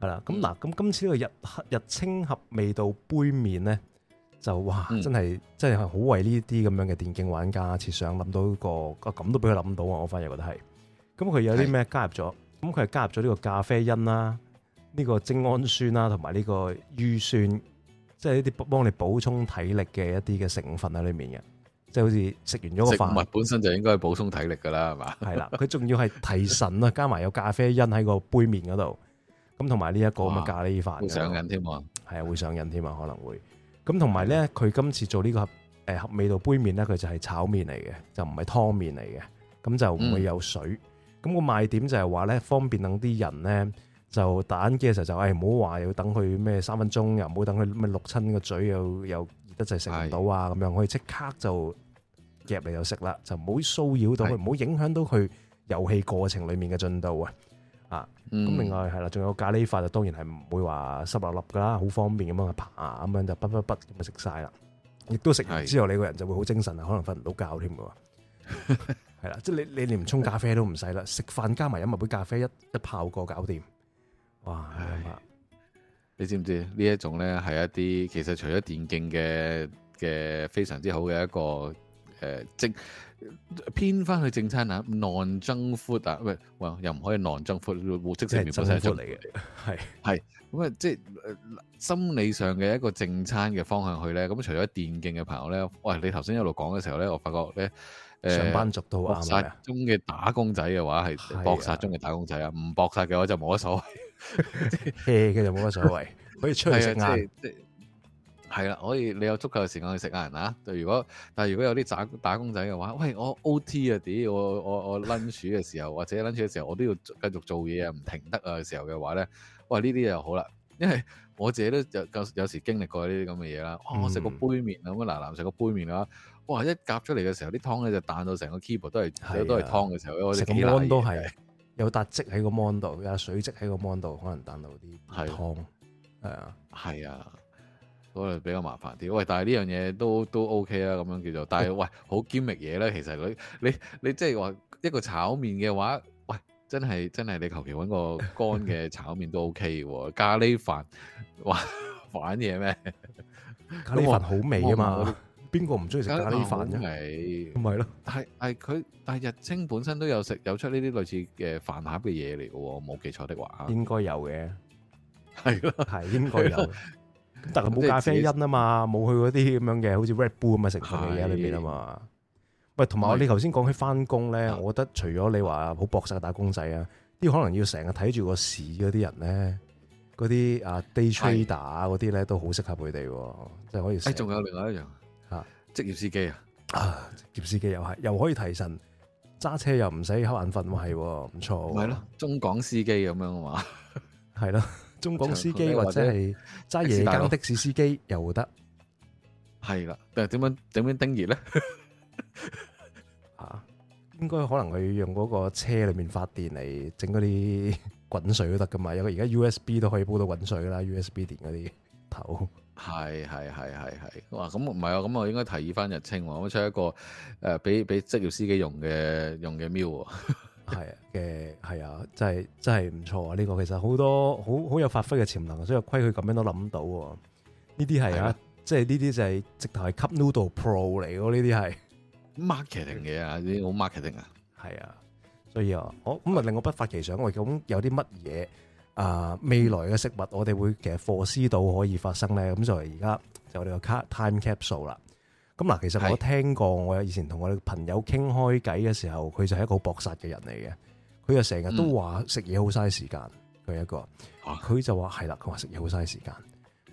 係、嗯、啦，咁、嗯、嗱，咁今次呢個日日清合味道杯麵咧，就哇，嗯、真係真係好為呢啲咁樣嘅電競玩家設想，想，諗到個咁都俾佢諗到啊！我反而覺得係。咁佢有啲咩加入咗？咁佢係加入咗呢個咖啡因啦，呢、這個精氨酸啦，同埋呢個於酸，即係、就是、一啲幫你補充體力嘅一啲嘅成分喺裏面嘅，即、就、係、是、好似食完咗個飯，食物本身就應該係補充體力噶啦，係嘛？係 啦，佢仲要係提神啊，加埋有咖啡因喺個杯麵嗰度。咁同埋呢一個咁嘅咖喱飯，上癮添啊，係啊，會上癮添啊，可能會。咁同埋咧，佢今次做呢個誒合味道杯麵咧，佢就係炒麵嚟嘅，就唔係湯麵嚟嘅。咁就唔會有水。咁個賣點就係話咧，方便等啲人咧就打緊機嘅時候就，誒唔好話要等佢咩三分鐘，又唔好等佢咩淥親個嘴又又熱得滯食唔到啊咁樣，可以即刻就夾嚟就食啦，就唔好騷擾到佢，唔好影響到佢遊戲過程裡面嘅進度啊。啊，咁另外係啦，仲、嗯、有咖喱飯就當然係唔會話濕立立㗎啦，好方便咁樣去爬扒，咁樣就筆筆筆咁食晒啦。亦都食完之後你個人就會好精神啊，可能瞓唔到覺添喎。係 啦，即係你你連沖咖啡都唔使啦，食飯加埋飲一杯咖啡一，一一泡過搞掂。哇！你知唔知呢一種咧係一啲其實除咗電競嘅嘅非常之好嘅一個誒正。呃偏翻去正餐啊，囊增闊啊，唔係，又唔可以囊增闊，胡即食麵出嚟嘅。係係，咁啊，即係、就是呃、心理上嘅一個正餐嘅方向去咧。咁除咗電競嘅朋友咧，喂，你頭先一路講嘅時候咧，我發覺咧、呃，上班族都啊，殺中嘅打工仔嘅話係搏殺中嘅打工仔啊，唔搏殺嘅話就冇乜所謂，嘅就冇乜所謂，可以出去食晏。係啦，可以你有足夠嘅時間去食啊！人但係如果但係如果有啲打打工仔嘅話，喂，我 OT 啊！啲我我我 lunch 嘅時候，或者 lunch 嘅時候，我都要繼續做嘢啊，唔停得啊嘅時候嘅話咧，哇！呢啲又好啦，因為我自己都有有時經歷過呢啲咁嘅嘢啦。我食個杯麪啊，咁嗱嗱食個杯麪啦，哇！一夾出嚟嘅時候，啲湯咧就彈到成個 keyboard 都係都係湯嘅時候，食咁多都係有笪積喺個 mon 度 n 有水積喺個 mon 度，可能彈到啲湯，係啊，係啊。可能比較麻煩啲，喂，但係呢樣嘢都都 OK 啦、啊，咁樣叫做。但係，喂，好兼密嘢咧，其實佢你你即係話一個炒麵嘅話，喂，真係真係你求其揾個乾嘅炒麵都 OK 喎、啊。咖喱飯，哇，玩嘢咩？咖喱飯好味啊嘛，邊個唔中意食咖喱飯啫？唔係咯，係係佢，但係日清本身都有食有出呢啲類似嘅飯盒嘅嘢嚟嘅喎，冇記錯的話。應該有嘅，係咯，係應該有。但係冇咖啡因啊嘛，冇去嗰啲咁樣嘅，好似 Red Bull 咁嘅成分嘅裏邊啊嘛。喂，同埋我你頭先講起返工咧，我覺得除咗你話好搏殺嘅打工仔啊，啲可能要成日睇住個市嗰啲人咧，嗰啲啊 day trader 嗰啲咧都好適合佢哋、啊，即係、就是、可以。誒，仲有另外一樣嚇、啊，職業司機啊，啊職業司機又係又可以提神，揸車又唔使瞌眼瞓喎，係唔、啊、錯、啊。咪咯、啊，中港司機咁樣話啊嘛，係咯。中港司機或者係揸夜間的士司機又得，係啦。但係點樣點樣叮熱咧？嚇， 應該可能佢用嗰個車裏面發電嚟整嗰啲滾水都得噶嘛。因為而家 USB 都可以煲到滾水啦，USB 電嗰啲頭。係係係係係。哇！咁唔係啊，咁我應該提議翻日清，我出一個誒俾俾職業司機用嘅用嘅 m e 係嘅，係啊，真係真係唔錯啊！呢、這個其實很多好多好好有發揮嘅潛能，所以有規矩咁樣都諗到呢啲係啊，即係呢啲就係、是就是、直頭係 Cup noodle pro 嚟咯，呢啲係 marketing 嘅啊，呢啲好 marketing 啊，係啊，所以啊，我咁啊令我不發奇想，喂，咁有啲乜嘢啊未來嘅食物我哋會其實 foresee 到可以發生咧？咁就而家就是、我哋個 time capsule 啦。咁嗱，其實我聽過，我以前同我哋朋友傾開偈嘅時候，佢就係一個好搏殺嘅人嚟嘅。佢就成日都話食嘢好嘥時間，佢一個。佢就話係啦，佢話食嘢好嘥時間。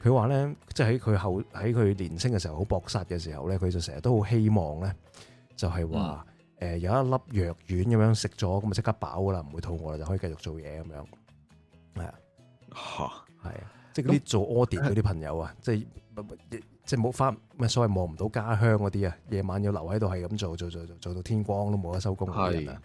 佢話咧，即係喺佢後喺佢年青嘅時，時候，好搏殺嘅時候咧，佢就成日都好希望咧，就係話誒有一粒藥丸咁樣食咗，咁就即刻飽噶啦，唔會肚餓，就可以繼續做嘢咁樣。係啊，嚇，係啊，即係嗰啲做阿迪嗰啲朋友啊，即係。即係即係冇返咩所謂望唔到家鄉嗰啲啊，夜晚要留喺度，係咁做做做做做到天光都冇得收工。係啊，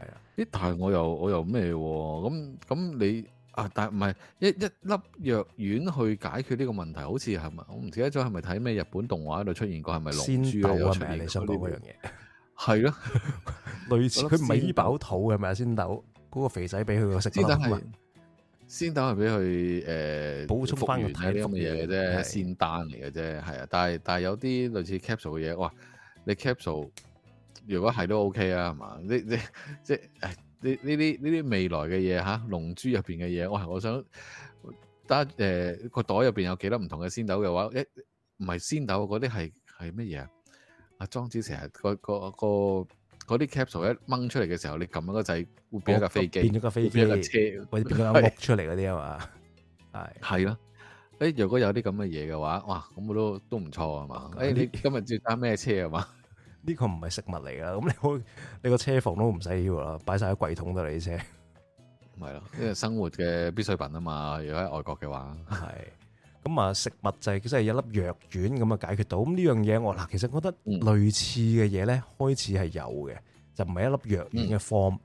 係啊。咦？但係我又我又咩喎？咁咁你啊？但係唔係一一粒藥丸去解決呢個問題？好似係咪？我唔記得咗係咪睇咩日本動畫喺度出現過？係咪龍珠啊？唔係你想講嗰樣嘢？係咯，類似佢咪醫飽肚係咪啊？仙豆嗰個肥仔俾佢個食粒丸。仙豆係俾佢誒補充翻原體呢啲咁嘅嘢嘅啫，仙丹嚟嘅啫，係啊！但係但係有啲類似 capsule 嘅嘢，哇！你 capsule 如果係都 OK 啊，係嘛？你你即係誒呢呢啲呢啲未來嘅嘢吓，龍珠入邊嘅嘢，哇！我係我想得誒個袋入邊有幾粒唔同嘅仙豆嘅話，誒唔係仙豆，嗰啲係係乜嘢啊？阿莊子成日個個個。嗰啲 capsule 一掹出嚟嘅時候，你撳一個掣會變一架飛機，變咗架飛機，變架車，或者變架屋出嚟嗰啲啊嘛，係，係咯，哎，若果有啲咁嘅嘢嘅話，哇，咁我都都唔錯啊嘛，這個，哎，你今日要搭咩車啊嘛？呢、這個唔係食物嚟噶，咁你可你個車房都唔使要啦，擺晒喺櫃桶度你啲車，係咯。因為生活嘅必需品啊嘛，如果喺外國嘅話，係。咁啊，食物就係真係一粒藥丸咁啊解決到。咁呢樣嘢我嗱，其實覺得類似嘅嘢咧，開始係有嘅，就唔係一粒藥丸嘅 form。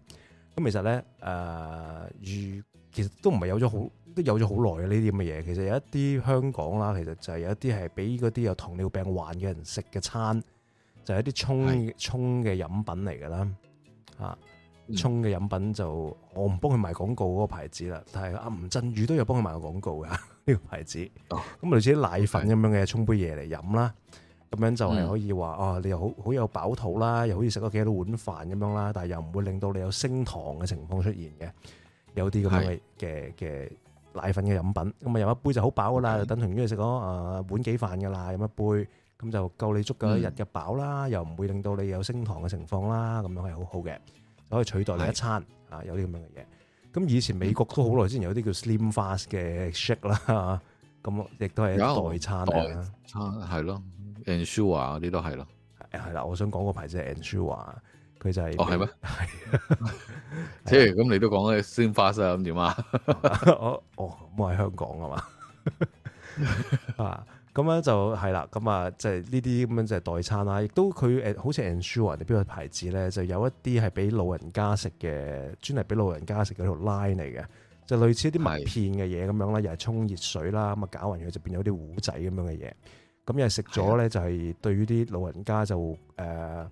咁其實咧，誒，如其實都唔係有咗好，都有咗好耐嘅呢啲咁嘅嘢。其實有一啲香港啦，其實就係有一啲係俾嗰啲有糖尿病患嘅人食嘅餐，就係、是、一啲沖沖嘅飲品嚟噶啦。啊，沖嘅飲品就我唔幫佢賣廣告嗰個牌子啦，但係阿吳鎮宇都有幫佢賣過廣告噶。呢、這個牌子，咁類似啲奶粉咁樣嘅沖杯嘢嚟飲啦，咁、okay. 樣就係可以話啊，你又好好有飽肚啦，又好似食咗幾多碗飯咁樣啦，但係又唔會令到你有升糖嘅情況出現嘅。有啲咁樣嘅嘅嘅奶粉嘅飲品，咁啊飲一杯就好飽噶啦，okay. 就等同於食咗啊碗幾飯噶啦，飲一杯咁就夠你足夠一日嘅飽啦，嗯，又唔會令到你有升糖嘅情況啦，咁樣係好好嘅，就可以取代你一餐嚇，有啲咁樣嘅嘢。咁以前美國都好耐之前有啲叫 Slim Fast 嘅 shake 啦，咁亦都係一代餐，代餐啊，餐係咯 Ensure 啲都係咯，係啦，我想講個牌子 Ensure 佢就係哦係咩？即係咁， 嗯、你都講緊 Slim Fast 啊？咁點啊？哦哦，咁我喺香港啊嘛。 咁樣就係啦，咁啊即係呢啲咁樣就係代餐啦，亦都佢誒好似 Ensure 你邊個牌子咧，就有一啲係俾老人家食嘅，專係俾老人家食嗰條 line 嚟嘅，就類似一啲麥片嘅嘢咁樣啦，又係沖熱水啦，咁啊搞勻佢就變咗啲糊仔咁樣嘅嘢。咁又係食咗咧，就係對於啲老人家就誒唔、呃、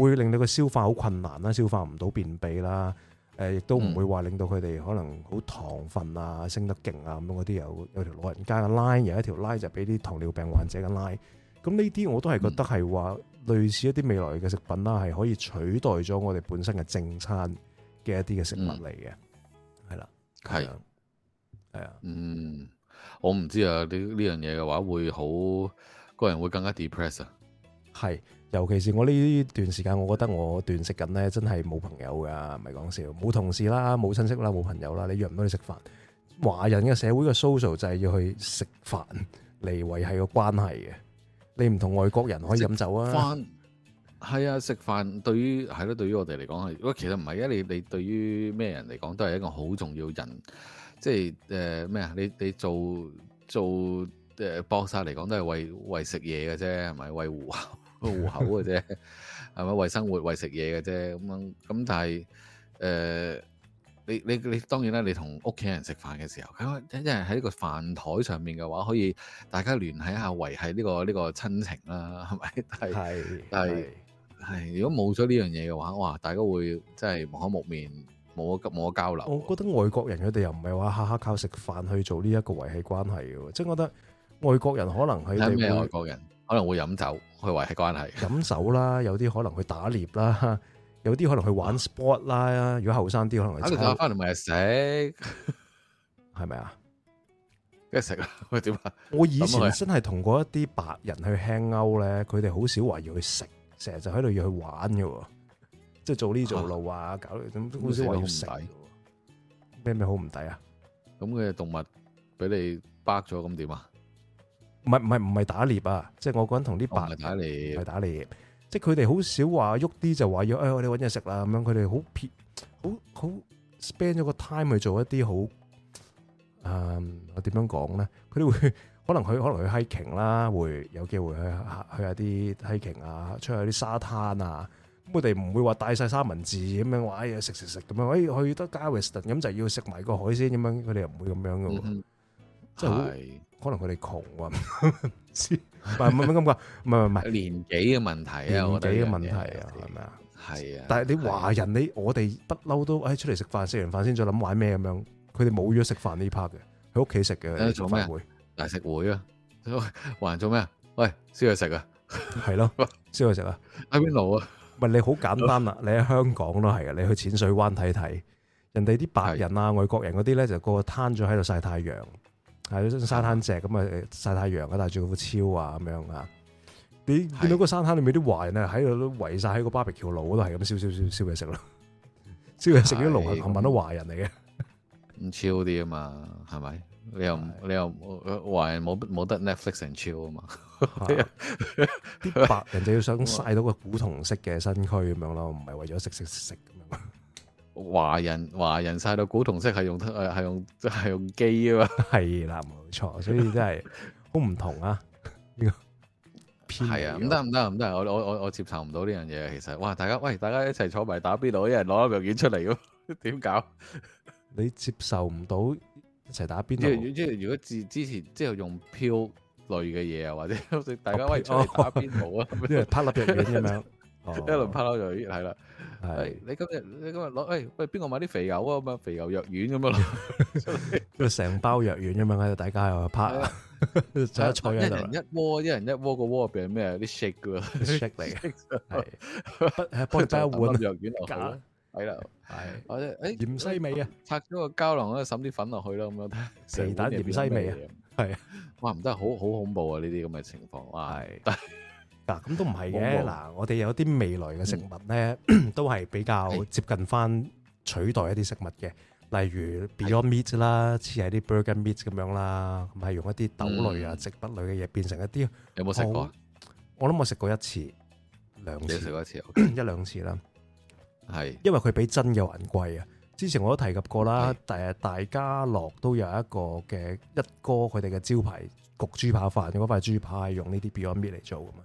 會令到佢消化好困難啦，消化唔到，便秘啦。誒，亦都唔會話令到佢哋可能好糖分啊，升得勁啊咁嗰啲，有有條老人家嘅 line，有一條 line 就俾啲糖尿病患者嘅 line。咁呢啲我都係覺得係話類似一啲未來嘅食品啦，啊，係，嗯，可以取代咗我哋本身嘅正餐嘅一啲嘅食物嚟嘅。係，嗯，啦，係，啊，係啊，嗯，我唔知啊，呢呢樣嘢嘅話會好個人會更加 depress 啊，係。尤其是我呢段時間，我覺得我斷食緊咧，真係冇朋友噶，唔係講笑，冇同事啦，冇親戚啦，冇朋友啦，你約唔到你食飯。華人嘅社會嘅 social 就係要去食飯嚟維係個關係嘅。你唔同外國人可以飲酒吃啊？食飯係啊，食飯對於係咯，對於我哋嚟講如果其實唔係啊，你你對於咩人嚟講都係一個好重要人，即係誒咩啊？你你做做誒搏殺嚟講都係為為食嘢嘅啫，係咪為糊個戶口嘅啫，係咪為生活為食嘢嘅啫咁樣？咁但係，誒，你你你當然啦，你同屋企人食飯嘅時候，咁因為喺個飯台上面嘅話，可以大家聯繫一下維繫呢個呢個親情啦，係咪？係係係，如果冇咗呢樣嘢嘅話，哇，大家會即係無可目面，冇咗冇得交流。我覺得外國人佢哋又唔係話下下靠食飯去做呢一個維繫關係嘅，即係覺得外國人可能喺哋。睇咩外國人？可能會飲酒，佢維繫關係。飲酒啦，有啲可能去打獵啦，有啲可能去玩 sport 啦。如果後生啲，可能去抽翻嚟咪食，係咪啊？跟住食啊？佢點啊？我以前真係同過一啲白人去輕勾咧，佢哋好少話要去食，成日就喺度要去玩嘅，即係做呢做路啊，搞啲咁，好少話要食。咩咩好唔抵啊？咁嘅動物俾你包咗，咁點啊？唔係唔係唔係打獵啊！即係我講同啲白人係打獵，即係佢哋好少話喐啲，就話要誒我哋揾嘢食啦咁樣。佢哋好撇，好好 spend 咗個 time 去做一啲好誒我點樣講咧？佢哋會可能去可能去 hiking 啦，會有機會去去下啲 hiking 啊，出去啲沙灘啊。咁佢哋唔會話帶晒三文治咁樣話哎呀食食食咁樣。誒去得 Galveston，咁就要食埋個海鮮咁樣。佢哋又唔會咁樣嘅喎，真係。可能佢哋窮啊，唔知，唔係唔係咁講，唔係唔係年紀嘅問題啊，年紀嘅問題啊，係咪啊？係啊，但係你華人，啊、你我哋不嬲都誒、哎、出嚟，食飯，食完飯先再諗玩咩咁樣。佢哋冇約食飯呢 part 嘅，喺屋企食嘅。喺度做咩？大食會啊？華、哎、人做咩？喂，燒嘢食啊？係咯，燒嘢食啊？阿邊度啊？唔係，你好簡單啊， 你喺香港都係啊，你去淺水灣睇睇，人哋啲白人啊、是外國人嗰啲咧，就個個攤咗喺度曬太陽。係嗰啲沙灘石咁啊，曬太陽啊，戴住副超啊咁樣啊，你見到個沙灘裏面啲華人啊喺度都圍晒喺個巴比喬爐嗰度，係咁燒燒燒燒嘢食咯，燒嘢食啲爐係咪都華人嚟嘅？唔超啲啊嘛，係咪？你又你又華人冇冇得 Netflix and chill 啊嘛？啲 是的 白人就要想曬到個古銅色嘅身軀咁樣咯，唔係為咗食食食食。華人華人晒到古銅色係用誒用係用，用機啊嘛，係啦冇錯，所以真係好唔同啊！呢個係啊，唔得唔得唔得！我我我我接受唔到呢樣嘢，其實哇！大家喂，大家一齊坐埋打邊爐，人一人攞粒肉丸出嚟喎，點搞？你接受唔到一齊打邊爐？即係如果之前之後用票類嘅嘢啊，或者大家一齊、哦、打邊爐啊，哦、啪 一輪啪粒藥丸咁樣，一輪啪粒藥丸係啦。係你今日你今日攞誒喂邊個買啲肥牛啊咁啊肥牛藥丸咁啊，成包藥丸咁啊喺度大家又拍，就一坐喺度，一人一窩，一人一窩個窩入邊係咩？啲 shake 噶，shake 嚟啊，係誒，玻璃樽藥丸落去，係啦，係或者誒芫茜味啊，拆咗個膠囊咧，揼啲粉落去咯，咁樣皮蛋芫茜味啊，係哇唔得，好好恐怖啊呢啲咁嘅情況，係。嗱，咁都唔係嘅，嗱，我哋有啲未來嘅食物咧、嗯， 都係比較接近翻取代一啲食物嘅，例如 Beyond Meat 啦，似係啲 Burger Meat 咁樣啦，係用一啲豆類啊、植物類嘅嘢變成一啲。嗯、有冇食過？我諗我食過一次、兩次，食過一次、okay、一兩次啦。係，因為佢比真嘅還貴啊！之前我都提及過啦，誒，大家樂都有一個嘅一哥佢哋嘅招牌焗豬扒飯嘅嗰塊豬扒係用呢啲 Beyond Meat 嚟做嘅嘛。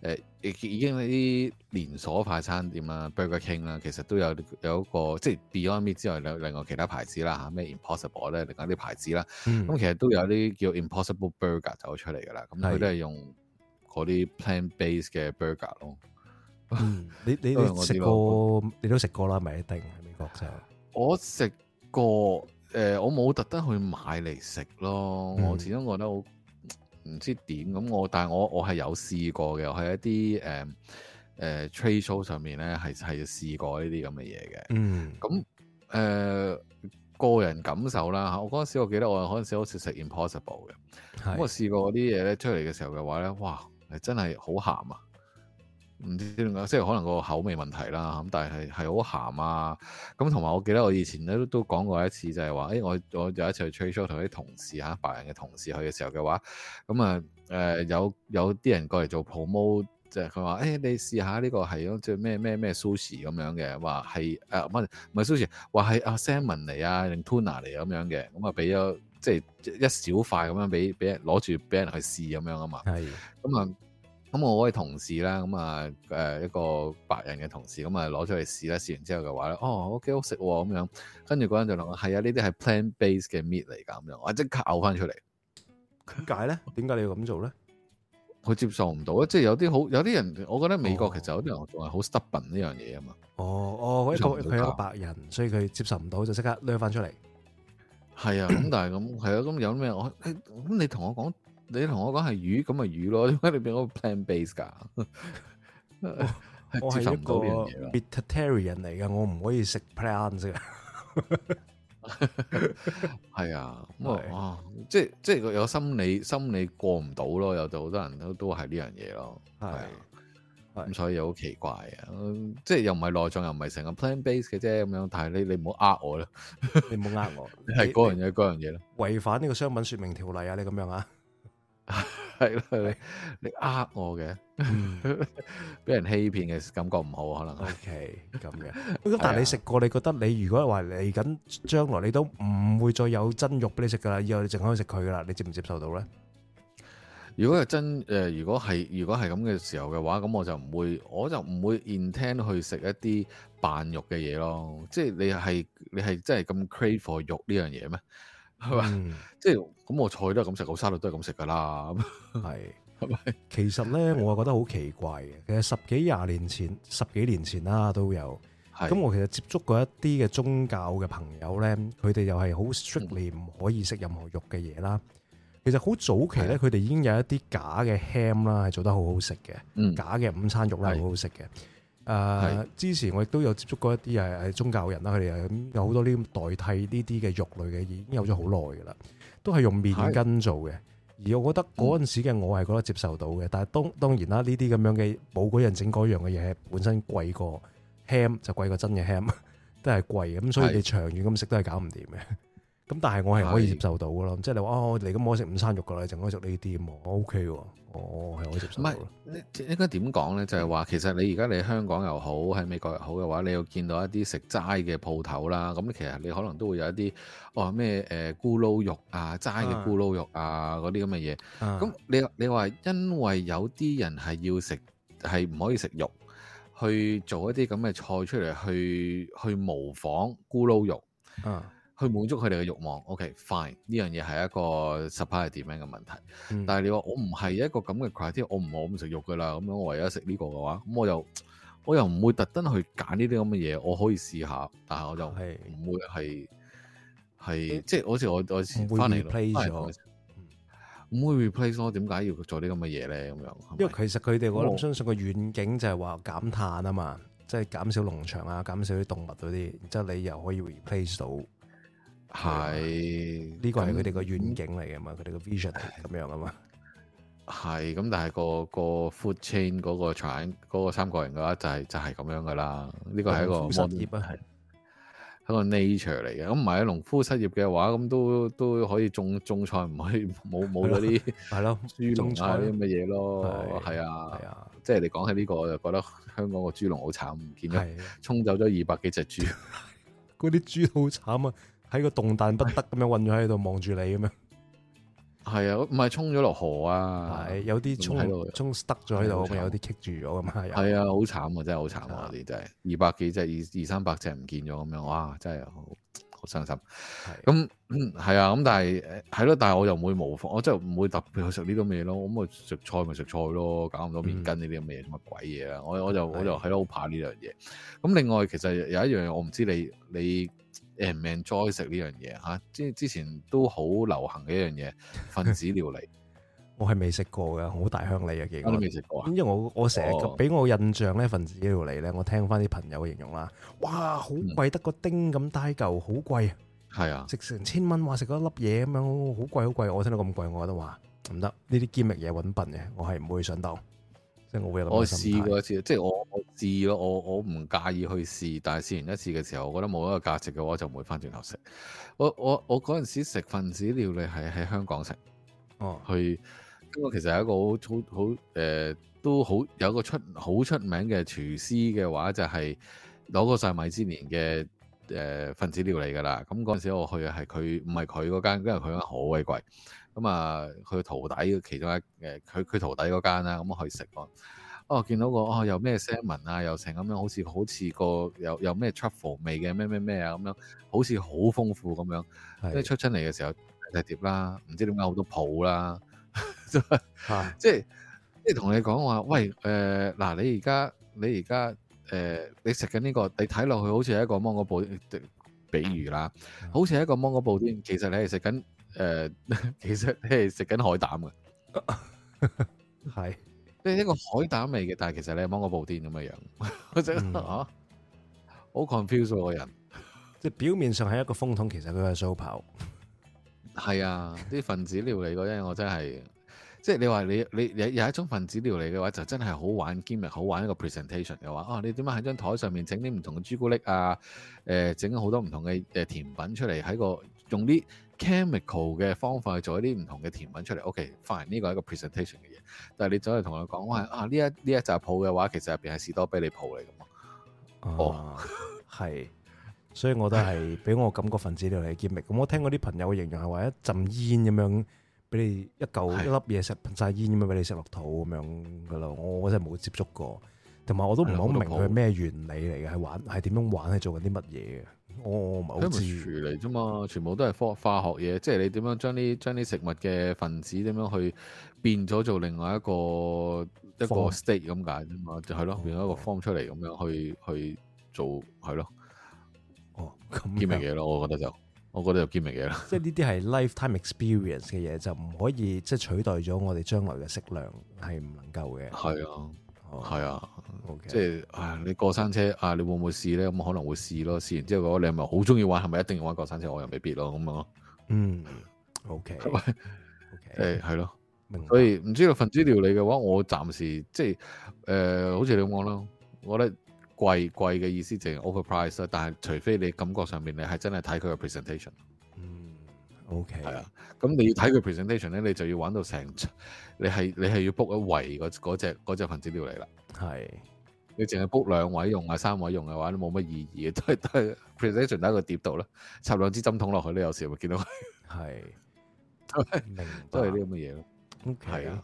誒，已已經啲連鎖快餐店啦，Burger King 啦，其實都有有一個即係 Beyond Meat 之外，另另外其他牌子啦嚇，咩 Impossible 咧，另外啲牌子啦，咁、嗯、其實都有啲叫 Impossible Burger 走出嚟噶啦，咁佢都係用嗰啲 Plant Base 嘅 burger 咯。嗯、你你 都我你食過，你都食過啦，咪一定喺美國就。我食過，誒、呃，我冇特登去買嚟食咯，我始終覺得好。唔知點咁我，但係我我係有試過嘅，我係一啲誒，誒、呃呃、trade show 上面咧，係係試過呢啲咁嘅嘢嘅。嗯，咁誒、呃、個人感受啦嚇，我嗰陣時我記得我嗰陣時好似食 Impossible 嘅，咁我試過嗰啲嘢咧出嚟嘅時候嘅話咧，哇係真係好鹹啊！唔知點解，即係可能個口味問題啦，咁但係係好鹹啊！咁同埋，我記得我以前咧都講過一次，就係、是、話，誒、欸、我我有一次去 t r 出同啲同事嚇白人嘅同事去嘅時候嘅話，咁啊、呃、有有啲人過嚟做 promo，即係佢話、欸，你試下呢個係即咩咩咩 sushi 咁樣嘅，話係誒唔係唔係 sushi，話係阿 s a m o n 嚟啊定 tuna 嚟咁樣嘅，咁啊俾咗即係一小塊咁樣俾俾攞住俾人去試咁樣啊嘛，咁啊。咁我位同事啦，咁啊誒一個白人嘅同事，咁啊攞出嚟試啦，試完之後嘅話咧，哦好幾好食咁樣，跟住嗰陣就諗，係啊呢啲係 plant base 嘅 meat 嚟㗎咁樣，我即刻嘔翻出嚟。點解咧？點解你要咁做咧？佢接受唔到啊！即係有啲好有啲人，我覺得美國其實有啲人仲係好 stubborn 呢樣嘢啊嘛。哦哦，佢佢係白人，所以佢接受唔到就即刻孭翻出嚟。係啊，咁但係咁係啊，咁有咩我？咁你同我講。你同我講係魚，咁咪魚咯？點解你變咗 plan base 噶？我係一個 vegetarian 嚟嘅。我唔可以食 plan 嘅。係 啊是，哇！即係即係有心理心理過唔到咯，有好多人都都係呢樣嘢咯。係咁、啊，所以好奇怪啊！即係又唔係內臟，又唔係成個 plan base 嘅啫，咁樣。但係你你唔好呃我啦，你唔好呃我， 你係嗰樣嘢嗰樣嘢咯。違反呢個商品說明條例啊！你咁樣啊？係啦，你你呃我嘅，俾人欺騙嘅感覺唔好，可能。O K，咁嘅。咁但係你食過，你覺得你如果係話嚟緊將來，你都唔會再有真肉俾你食噶啦，以後你淨可以食佢噶啦，你接唔接受到咧？如果係真誒，如果係如果係咁嘅時候嘅話，咁我就唔會，我就唔會 intend 去食一啲扮肉嘅嘢咯。即係你係你係真係咁 crave for 肉呢樣嘢咩？係嘛，即係。咁我菜都係咁食，好沙律都係咁食噶啦。係係咪？其實咧，我覺得好奇怪嘅。其實十幾廿年前、十幾年前啦都有。咁我其實接觸過一啲嘅宗教嘅朋友咧，佢哋又係好 strictly 唔可以食任何肉嘅嘢啦。其實好早期咧，佢哋已經有一啲假嘅 ham 啦，係做得好好食嘅。假嘅午餐肉啦，好好食嘅。誒，之前我亦都有接觸過一啲宗教人啦，佢哋有好多呢代替呢啲嘅肉類嘅，已經有咗好耐噶啦。嗯都係用麵筋做嘅，而我覺得嗰陣時嘅我係覺得接受到嘅，但係當當然啦，呢啲咁樣嘅冇嗰人整嗰樣嘅嘢，本身貴過 ham 就貴過真嘅 ham，都係貴咁，所以你長遠咁食都係搞唔掂嘅。咁但係我係可以接受到咯，即係你話哦，你咁我食午餐肉噶啦，你淨可以食呢啲我 OK 喎。哦，係我接受唔到咯。唔係，應該點講咧？就係話，其實你而家你在香港又好，喺美國又好嘅話，你又見到一啲食齋嘅鋪頭啦。咁其實你可能都會有一啲哦咩誒、呃、咕嚕肉啊，齋嘅咕嚕肉啊，嗰啲咁嘅嘢。咁、啊、你你話因為有啲人係要食，係唔可以食肉，去做一啲咁嘅菜出嚟，去去模仿咕嚕肉啊。去滿足佢哋嘅欲望，OK，fine、okay, 呢樣嘢係一個 supply 係點樣嘅問題。嗯、但係你話我唔係一個咁嘅 criteria 我唔好咁食肉噶啦。咁樣我唯有食呢個嘅話，咁我，我又我又唔會特登去揀呢啲咁嘅嘢。我可以試下，但係我就唔會係係即係好似我、欸、我翻嚟會 replace 唔、啊、會 replace 我點解要做啲咁嘅嘢咧？咁樣因為其實佢哋我諗相信個遠景就係話減碳啊嘛，即係減少農場啊，減少啲動物嗰啲，然之後你又可以 replace 到。係呢、這個係佢哋個願景嚟嘅嘛，佢哋個 vision 咁樣啊嘛。係咁，但係、那個、嗯那個 food chain 嗰個產嗰個三個人嘅、就、話、是，就係就係咁樣噶啦。呢、這個係一個失業，係一個 nature 嚟嘅。咁唔係喺農夫失業嘅、啊、話，咁都都可以種種菜，唔可以冇冇咗啲係咯豬農啲咁嘅嘢咯。係啊，即係、就是、你講起呢、這個，就覺得香港個豬農好慘，見到沖走咗二百幾隻豬，嗰啲 豬好慘啊！喺個動彈不得咁樣困咗喺度望住你咁樣，係啊，唔係沖咗落河啊，係有啲沖喺度，沖塞咗喺度，可能有啲棘住咗啊，係啊，好慘啊，真係好慘啊，啲真係二百幾隻，二二三百隻唔見咗咁樣，哇，真係好傷心。咁嗯係啊，咁但係係咯，但係、啊、我又唔會模仿，我真係唔會特別去食呢啲咩咯，咁啊食菜咪食菜咯，搞咁多麵筋呢啲咁嘅嘢乜鬼嘢啊，我就啊我就我就係咯好怕呢樣嘢。咁另外其實有一樣嘢我唔知你你。你誒命再食呢樣嘢，即之之前都好流行嘅一樣嘢，分子料理。 我係未食過嘅，好大鄉里嘅。其實我未食過。因為我我成日俾我印象咧，分子料理咧，我聽翻啲朋友嘅形容啦，哇，好貴，得、嗯、個丁咁大嚿，好貴。係啊，食成千蚊，話食一粒嘢咁樣，好貴好貴。我聽到咁貴，我覺得話唔得，呢啲堅密嘢揾笨嘅，我係唔會上當。我試過一次，即係我我試咯，我我唔介意去試，但係試完一次嘅時候，我覺得冇一個價值嘅話，我就唔會翻轉頭食。我我我嗰陣時食分子料理係喺香港食，哦，去，咁我其實係一個好好好誒，都好有個出好出名嘅廚師嘅話，就係、是、攞過曬米芝蓮嘅誒分子料理噶啦。咁嗰陣時我去嘅係佢，唔係佢嗰間，因為佢間好鬼貴。咁 啊，佢徒弟嘅其中一誒，佢佢徒弟嗰間啦，咁可去食咯。哦，見到個哦，有咩香聞啊，又成咁樣，好似好似個有又咩 truffle 味嘅咩咩咩啊，咁樣好似好豐富咁樣。即係出親嚟嘅時候，的大碟啦，唔知點解好多鋪啦，即係即係同你講話，喂誒嗱、呃，你而家你而家誒，你食緊呢個，你睇落去好似係一個芒果布丁，的比喻啦， 好似係一個芒果布丁，其實你係食緊。誒、uh,，其實你係食緊海膽嘅，係， 即係一個海膽味嘅， 但係其實你係芒果布丁咁嘅樣、 嗯 啊，我覺得吓，好 confused 個人，即係表面上係一個風筒，其實佢係 show 跑，係 啊，啲分子料理嘅嘢，我真係，即係你話你你有有一種分子料理嘅話，就真係好玩，兼 埋好玩一個 presentation 嘅話，哦、啊，你點解喺張台上面整啲唔同嘅朱古力啊，誒、呃，整好多唔同嘅誒甜品出嚟喺個用啲。chemical 嘅方法去做一啲唔同嘅甜品出嚟，OK，fine，呢個係一個 presentation 嘅嘢，但係你走嚟同我講，我啊呢一呢一集泡嘅話，其實入邊係士多啤梨泡嚟嘅嘛、啊。哦，係， 所以我都係俾我感覺分子料理揭力。咁 我聽嗰啲朋友嘅形容係話一陣煙咁樣，俾你一嚿一粒嘢食噴晒煙咁樣俾你食落肚咁樣嘅咯。我真係冇接觸過，同埋我，我都唔好明佢咩原理嚟嘅，係玩係點樣玩係做緊啲乜嘢嘅。哦，唔係好自然嚟啫嘛，全部都係化化學嘢，即係你點樣將啲將啲食物嘅分子點樣去變咗做另外一個、form? 一個 state 咁解啫嘛，就係、是、咯，okay. 變咗一個 form 出嚟咁樣去去做，係咯，哦，堅命嘢咯，我覺得就，我覺得就堅命嘢咯，即係呢啲係 lifetime experience 嘅嘢，就唔可以即係、就是、取代咗我哋將來嘅食量係唔能夠嘅，係、嗯、啊，係、嗯、啊。Okay. 即係啊，你過山車啊，你會唔會試咧？咁、嗯、可能會試咯。試完之後你係咪好中意玩？係咪一定要玩過山車？我又未必咯。咁、嗯、樣 okay. okay.、呃、咯。嗯，OK？OK，係咯。所以唔知道分子料理嘅話，我暫時即係誒、呃，好似你咁講咯。我覺得貴貴嘅意思就係 overpriced 啦。但係除非你感覺上面你係真係睇佢嘅 presentation 嗯。嗯，OK。係啊。咁你要睇佢 presentation 咧，你就要玩到成，你係你係要 book 一位嗰嗰隻嗰隻分子料理啦。係，你淨係 book 兩位用埋三位用嘅話，都冇乜意義嘅，都係都係 presentation 喺個碟度啦，插兩支針筒落去咧，有時咪見到係，都係啲咁嘅嘢咯。係、okay、啊，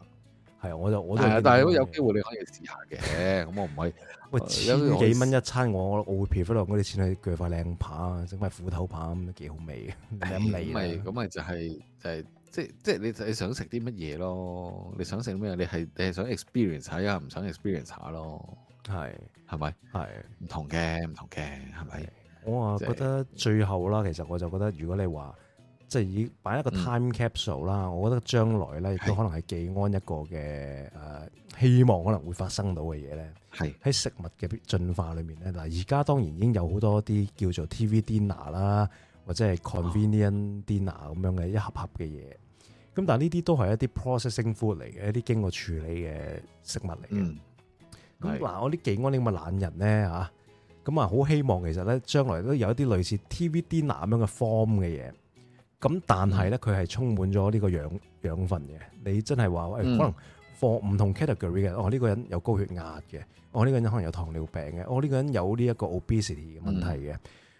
係啊，我就我係、啊、但係如果有機會你可以試下嘅，咁 我唔係，喂千幾蚊一餐，我我會 prefer 落我哋先去鋸塊靚扒，整塊斧頭扒咁都幾好味嘅，係咁嚟咁咪咁咪就係、係、就係。即即你你想食啲乜嘢咯？你想食咩？你係你係想 experience 下呀？唔想 experience 下咯？係係咪？係唔同嘅唔同嘅係咪？我啊、就是、覺得最後啦，其實我就覺得如果你話即係以擺一個 time capsule 啦，嗯、我覺得將來咧亦都可能係技安一個嘅誒、呃、希望可能會發生到嘅嘢咧。係喺食物嘅進化裏面咧，嗱而家當然已經有好多啲叫做 TV dinner 啦，或者係 convenient dinner 咁、哦、樣嘅一盒盒嘅嘢。咁但係呢啲都係一啲 processing food 嚟嘅，一啲經過處理嘅食物嚟嘅。咁、嗯、嗱、啊，我啲技安呢咁嘅懶人咧，咁啊好希望其實咧，將來都有一啲類似 TV dinner 咁樣嘅 form 嘅嘢。咁但係咧，佢係充滿咗呢個養養分嘅。你真係話、欸、可能 for 唔同 category 嘅，我、嗯、呢、哦呢個人有高血壓嘅，我、哦、呢、呢個人可能有糖尿病嘅，我、哦、呢、呢個人有呢一個 obesity 嘅問題嘅。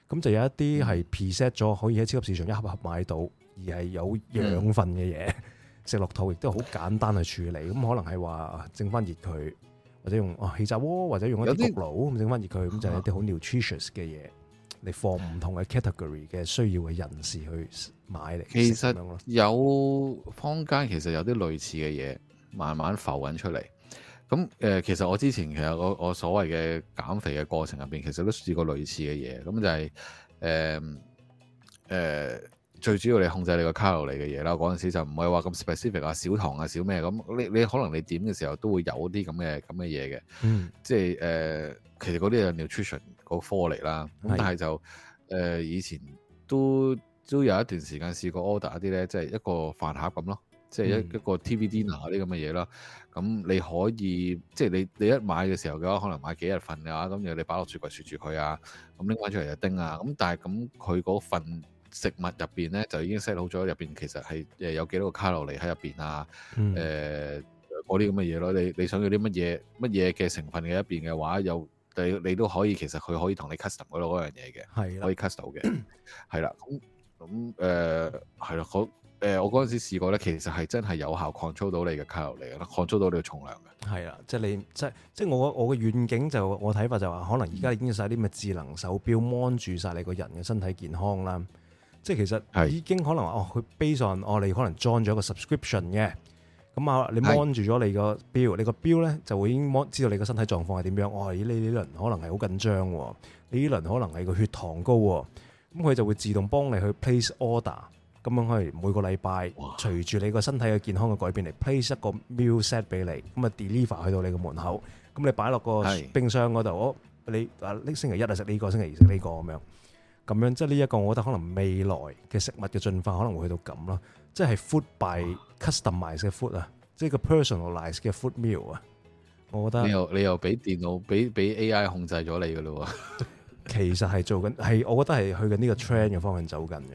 咁、嗯、就有一啲係 pre-set 咗，可以喺超級市場一盒一盒買到。而係有養分嘅嘢、嗯、食落肚，亦都好簡單去處理。咁可能係話整翻熱佢，或者用哦、啊、氣炸鍋，或者用一啲焗爐整翻熱佢，咁、嗯、就係一啲好 nutritious 嘅嘢嚟放唔、嗯、同嘅 category 嘅需要嘅人士去買嚟食。其實有坊間其實有啲類似嘅嘢，慢慢浮穩出嚟。咁誒、呃，其實我之前其實我我所謂嘅減肥嘅過程入邊，其實都試過類似嘅嘢。咁就係誒誒。呃呃最主要你控制你個卡路里嘅嘢啦，嗰陣時就唔係話咁 specific 啊，少糖啊，少咩咁？你你可能你點嘅時候都會有啲咁嘅咁嘅嘢嘅，即係誒、呃，其實嗰啲係 nutrition 個科嚟啦。咁但係就誒、呃，以前都都有一段時間試過 order 一啲咧、就是嗯，即係一個飯盒咁咯，即係一一個 TV dinner 啲咁嘅嘢啦。咁你可以即係你你一買嘅時候嘅話，可能買幾日份嘅話，咁又你擺落雪櫃雪住佢啊，咁拎翻出嚟就叮啊。咁但係咁佢嗰份。食物入邊咧就已經 set 好咗，入邊其實係誒有幾多個卡路里喺入邊啊？誒嗰啲咁嘅嘢咯，你你想要啲乜嘢乜嘢嘅成分嘅一邊嘅話，又你你都可以其實佢可以同你 custom 嗰度嗰樣嘢嘅，係可以 custom 到嘅，係啦。咁咁誒係啦，我、呃、我嗰陣時試過咧，其實係真係有效控制到你嘅卡路里啦，控制到你嘅重量嘅。係啦，即係你即即係我我嘅遠景就我睇法就話、是，可能而家已經晒啲乜智能手錶 mon 住晒你個人嘅身體健康啦。即係其實已經可能話是哦，佢 base on 哦，你可能 join 咗一個 subscription 嘅，咁、嗯、啊你 mon 住咗你個表，你個表咧就會已經知道你個身體狀況係點樣？哦，咦？呢呢輪可能係好緊張喎，呢呢輪可能係個血糖高喎，咁、嗯、佢就會自動幫你去 place order，咁、嗯、樣可以每個禮拜哇隨住你個身體嘅健康嘅改變嚟 place 一個 meal set 俾你，咁啊 deliver 去到你個門口，咁、嗯、你擺落個冰箱嗰度，哦。你、啊、星期一啊食呢個，星期二食呢、呢個咁、呢個、樣。咁樣即係呢一個，我覺得可能未來嘅食物嘅進化可能會去到咁咯，即係 food by customized 嘅 food 啊，即係個 personalized 嘅 food meal 啊。我覺得你又你又俾電腦俾俾 AI 控制咗你嘅咯。其實係做緊係，我覺得係去緊呢個 trend 嘅方向走緊嘅。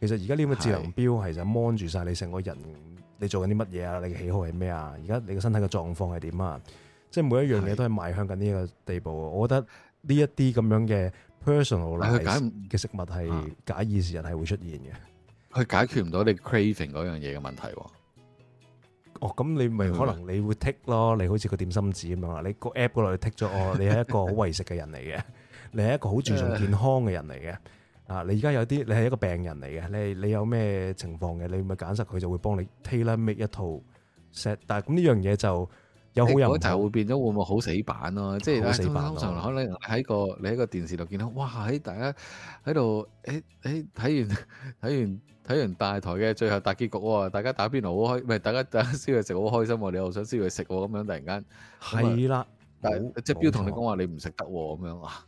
其實而家呢個智能表係就 mon 住晒你成個人，你做緊啲乜嘢啊？你嘅喜好係咩啊？而家你嘅身體嘅狀況係點啊？即係每一樣嘢都係邁向緊呢個地步。我覺得呢一啲咁樣嘅。personal，但係佢解嘅食物係假以時日係會出現嘅，佢解決唔到你 craving 嗰樣嘢嘅問題喎。哦，咁你咪可能你會剔咯，你好似個點心紙咁啊！你個 app 過來剔咗喎，你係一個好為食嘅人嚟嘅，你係一個好注重健康嘅人嚟嘅啊！你而家有啲你係一個病人嚟嘅，你你有咩情況嘅，你咪揀實佢就會幫你 tailor make 一套 set。但係咁呢樣嘢就～有好有唔好，就、欸、會變咗會唔會好死板咯、啊？即係、啊、通常可能喺個你喺個電視度見到，哇！喺大家喺度，誒誒睇完睇完睇完大台嘅最後大結局喎，大家打邊爐好開，唔係大家大家燒嘢食好開心喎，你又想燒嘢食喎，咁樣突然間係啦，即係標同你講話你唔食得喎，咁樣啊，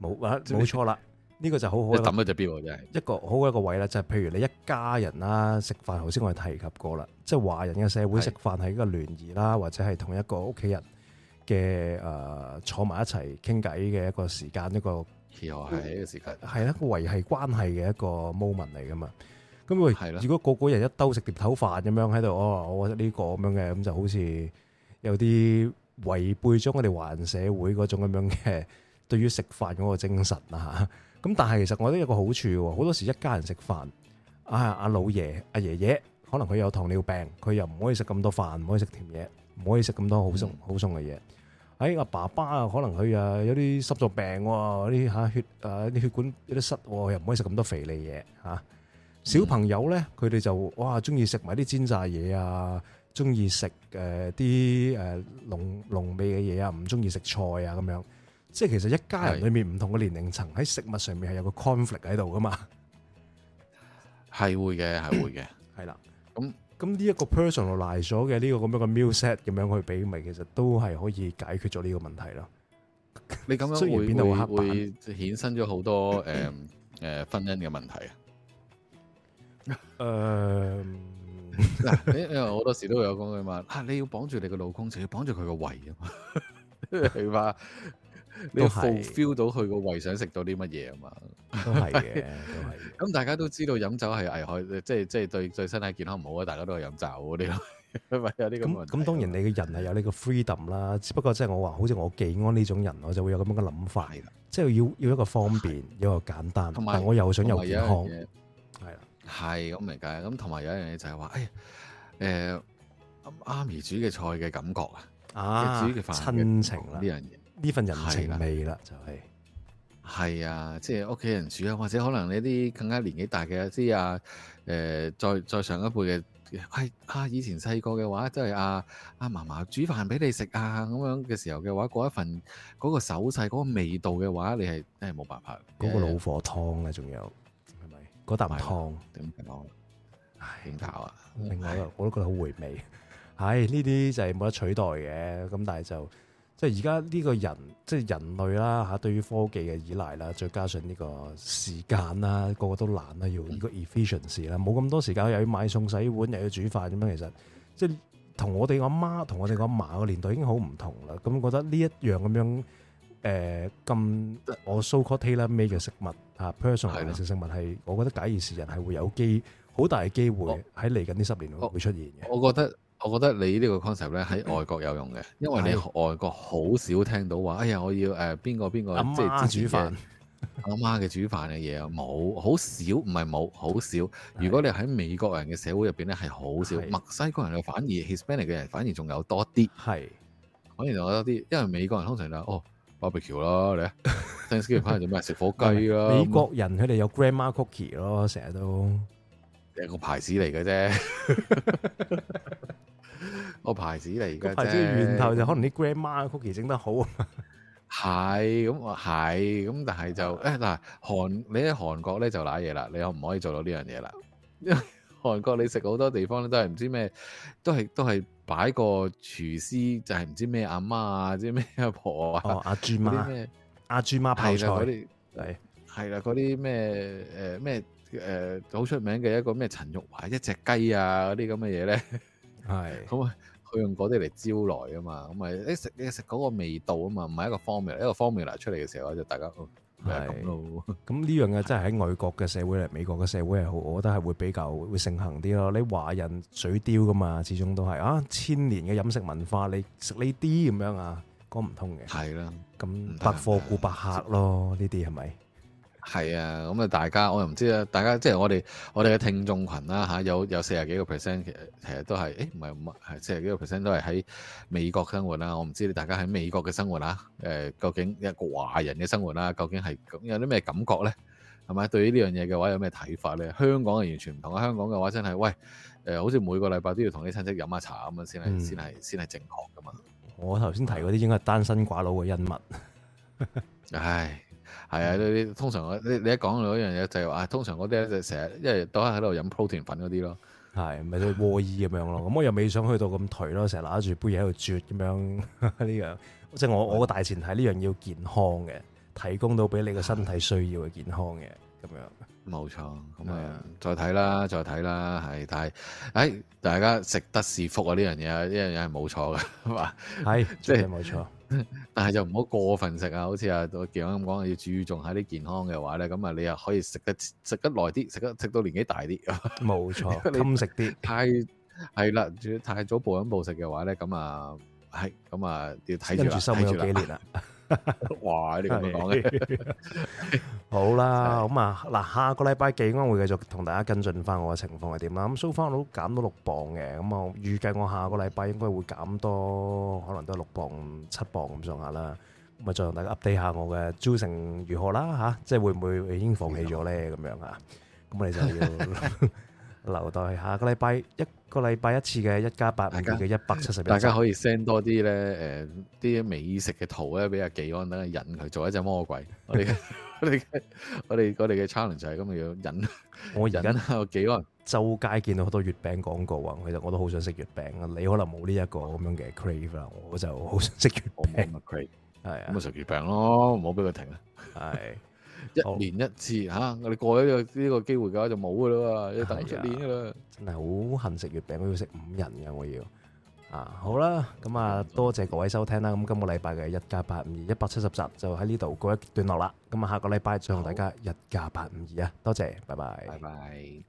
冇冇錯啦。呢、這個就係好好一抌咗隻表，真係一個好一個位啦。就係、是、譬如你一家人啦，食飯頭先我哋提及過啦，即係華人嘅社會食飯係一個聯誼啦，或者係同一個屋企人嘅誒、呃、坐埋一齊傾偈嘅一個時間，一個時候係呢個時間，係一個維繫關係嘅一個 moment 嚟噶嘛。咁如果個個人一兜食碟頭飯咁樣喺度，哦，我覺得呢個咁樣嘅咁就好似有啲違背咗我哋華人社會嗰種咁樣嘅對於食飯嗰個精神啊。哈哈咁但係其實我都有個好處喎，好多時一家人食飯，啊阿老爺阿爺爺可能佢有糖尿病，佢又唔可以食咁多飯，唔可以食甜嘢，唔可以食咁多好餸好餸嘅嘢。喺阿爸爸可能佢啊有啲濕疹病喎，啲嚇血啊啲血管有啲塞，又唔可以食咁多肥膩嘢嚇。小朋友咧佢哋就哇中意食埋啲煎炸嘢啊，中意食誒啲誒濃濃味嘅嘢啊，唔中意食菜啊咁樣。即係其實一家人裏面唔同嘅年齡層喺食物上面係有個 conflict 喺度噶嘛，係會嘅係會嘅係啦。咁咁呢一個 personalize 咗嘅呢個咁樣嘅 meal set 咁樣去俾，咪其實都係可以解決咗呢個問題咯。你咁樣雖然變到會會衍生咗好多誒誒婚姻嘅問題啊。誒嗱，你你好多時都會有講佢嘛？啊，你要綁住你嘅老公，就要綁住佢個胃啊嘛，係嘛？你 fulfil 到佢個胃想食到啲乜嘢啊嘛？都係嘅，都係。咁大家都知道飲酒係危害，即係即係對對身體健康唔好啊！大家都係飲酒嗰啲咯，有啲咁。咁當然你嘅人係有呢個 freedom 啦，只不過即係我話，好似我技安呢種人，我就會有咁樣嘅諗法，即係要要一個方便，一個簡單，同埋我又想有健康，係係咁嚟計。咁同埋有一樣嘢就係話，誒，誒，阿媽咪煮嘅菜嘅感覺啊，煮嘅飯嘅親情啦呢樣嘢。呢份人情味啦、啊，就係、是、係啊，即係屋企人煮啊，或者可能你啲更加年紀大嘅一啲啊，誒、呃，再再上一輩嘅，係、哎、啊，以前細個嘅話，即係啊阿嫲嫲煮飯俾你食啊，咁樣嘅時候嘅話，嗰一份嗰個手勢，嗰、那個味道嘅話，你係真係冇辦法。嗰、那個老火湯咧，仲有係咪？嗰啖湯點講？係頭啊！是是啊啊，另外我都我都覺得好回味。係呢啲就係冇得取代嘅，咁但係就。即係而家呢個人，即係人類啦嚇，對於科技嘅依賴啦，再加上呢個時間啦，個個都懶啦，要呢個 efficiency 啦，冇咁多時間又要買餸洗碗，又要煮飯咁樣。其實即係同我哋阿媽、同我哋阿嫲個年代已經好唔同啦。咁覺得呢一樣咁樣誒，咁、呃、我 so-called tailor made 嘅食物嚇，personal 嘅食物係，我覺得假以時日係會有機好大嘅機會喺嚟緊呢十年會出現嘅。我覺得。我覺得你呢個 concept 咧喺外國有用嘅，因為你外國好少聽到話，哎呀我要誒邊、呃、個邊個即係煮飯，阿媽嘅煮飯嘅嘢冇，好少，唔係冇，好少。如果你喺美國人嘅社會入邊咧，係好少。墨西哥人又反而 Hispanic 嘅人反而仲有多啲，係反而仲有多啲，因為美國人通常就哦 barbecue 啦，你 Thanksgiving 可能做咩食火雞雞啦、啊， 美國人佢哋有 grandma cookie 咯，成日都一個牌子嚟嘅啫。 個牌子嚟嘅啫，牌子源頭就可能啲 grandma cookie 整得好。係 咁，我係咁，但係就誒嗱，韓你喺韓國咧就瀨嘢啦，你可唔可以做到呢樣嘢啦？因為韓國你食好多地方咧都係唔知咩，都係都係擺個廚師就係、是、唔知咩阿媽啊，即係咩阿婆啊，阿豬媽阿豬媽泡菜，係係啦嗰啲咩誒咩誒好出名嘅一個咩陳玉華一隻雞啊嗰啲咁嘅嘢咧。係，咁佢用嗰啲嚟招來啊嘛，咁咪你食你食嗰個味道啊嘛，唔係一個 formula 嚟，一個 formula 嚟出嚟嘅時候就大家咁咯。咁，哦，呢樣嘅真係喺外國嘅社會嚟，美國嘅社會係好，我覺得係會比較會盛行啲咯。你華人嘴刁㗎嘛，始終都係啊千年嘅飲食文化，你食呢啲咁樣啊，講唔通嘅。係啦，咁百貨顧百客咯，呢啲係咪？係啊，咁、嗯、啊，大家我又唔知啊。大家即係我哋我哋嘅聽眾群啦、啊、吓，有有四十幾個 percent 其實其實都係，誒唔係唔係，係四十幾個 percent 都係喺美國生活啦、啊。我唔知你大家喺美國嘅生活嚇、啊，誒究竟一個華人嘅生活啦、啊，究竟係咁有啲咩感覺咧？係咪對於呢樣嘢嘅話有咩睇法咧？香港係完全唔同嘅。香港嘅話真係，喂誒、呃，好似每個禮拜都要同啲親戚飲下茶咁樣先係先係先係正確噶嘛？我頭先提嗰啲應該係單身寡佬嘅恩物， 唉。係、嗯、啊，你通常你你一講到一樣嘢就係話，通常嗰啲就成、是、日、啊、一日，都喺喺度飲 protein 粉嗰啲咯，係咪都窩衣咁樣咯？咁我又未想去到咁頹咯，成日拿住杯嘢喺度啜咁樣呢樣，即係我我個大前提呢樣要健康嘅，提供到俾你個身體需要嘅健康嘅咁樣。冇錯，咁啊，再睇啦，再睇啦，係，但係誒、哎，大家食得是福啊呢樣嘢，呢樣嘢係冇錯㗎，係嘛，係即係冇錯。 但係就唔好過分食啊，好似啊，技安咁講，要注重一下啲健康嘅話咧，咁啊，你又可以食得食得耐啲，食得食到年紀大啲。冇錯，冚食啲太係，啦， 太早暴飲暴食嘅話咧，咁啊係，咁啊要睇住收尾。有幾年啦？ 哇！你咁講嘅，好啦，咁啊嗱，下個禮拜技安會繼續同大家跟進翻我嘅情況係點啦。咁蘇方佬減到六磅嘅，咁啊預計我下個禮拜應該會減多，可能都係六磅、七磅咁上下啦。咁啊再同大家 update 下我嘅 juicing 如何啦吓，即係會唔會已經放棄咗咧？咁樣吓，咁我哋就要留待下個禮拜一。個禮拜一次嘅一家八五二嘅一百七十，大家可以 send 多啲咧誒啲美食嘅圖咧俾阿技安，等佢引佢做一隻魔鬼。 我哋嘅我哋我哋嘅 challenge 就係咁樣忍。我忍，家阿技安周街見到好多月餅廣告啊，其實我都好想食月餅啊。你可能冇呢一個咁樣嘅 crave 啦，我就好想食月餅。咁嘅 crave 係啊，咁食月餅咯，唔好俾佢停啊，係。 一年一次嚇，我哋過咗呢個機會嘅話就冇嘅啦喎，要等一年嘅啦。真係好恨食月餅，我要食五仁嘅我要。啊好啦，咁啊多謝各位收聽啦。咁今個禮拜嘅一家八五二一百七十集就喺呢度告一段落啦。咁啊下個禮拜再同大家一家八五二啊，多謝，拜拜。拜拜。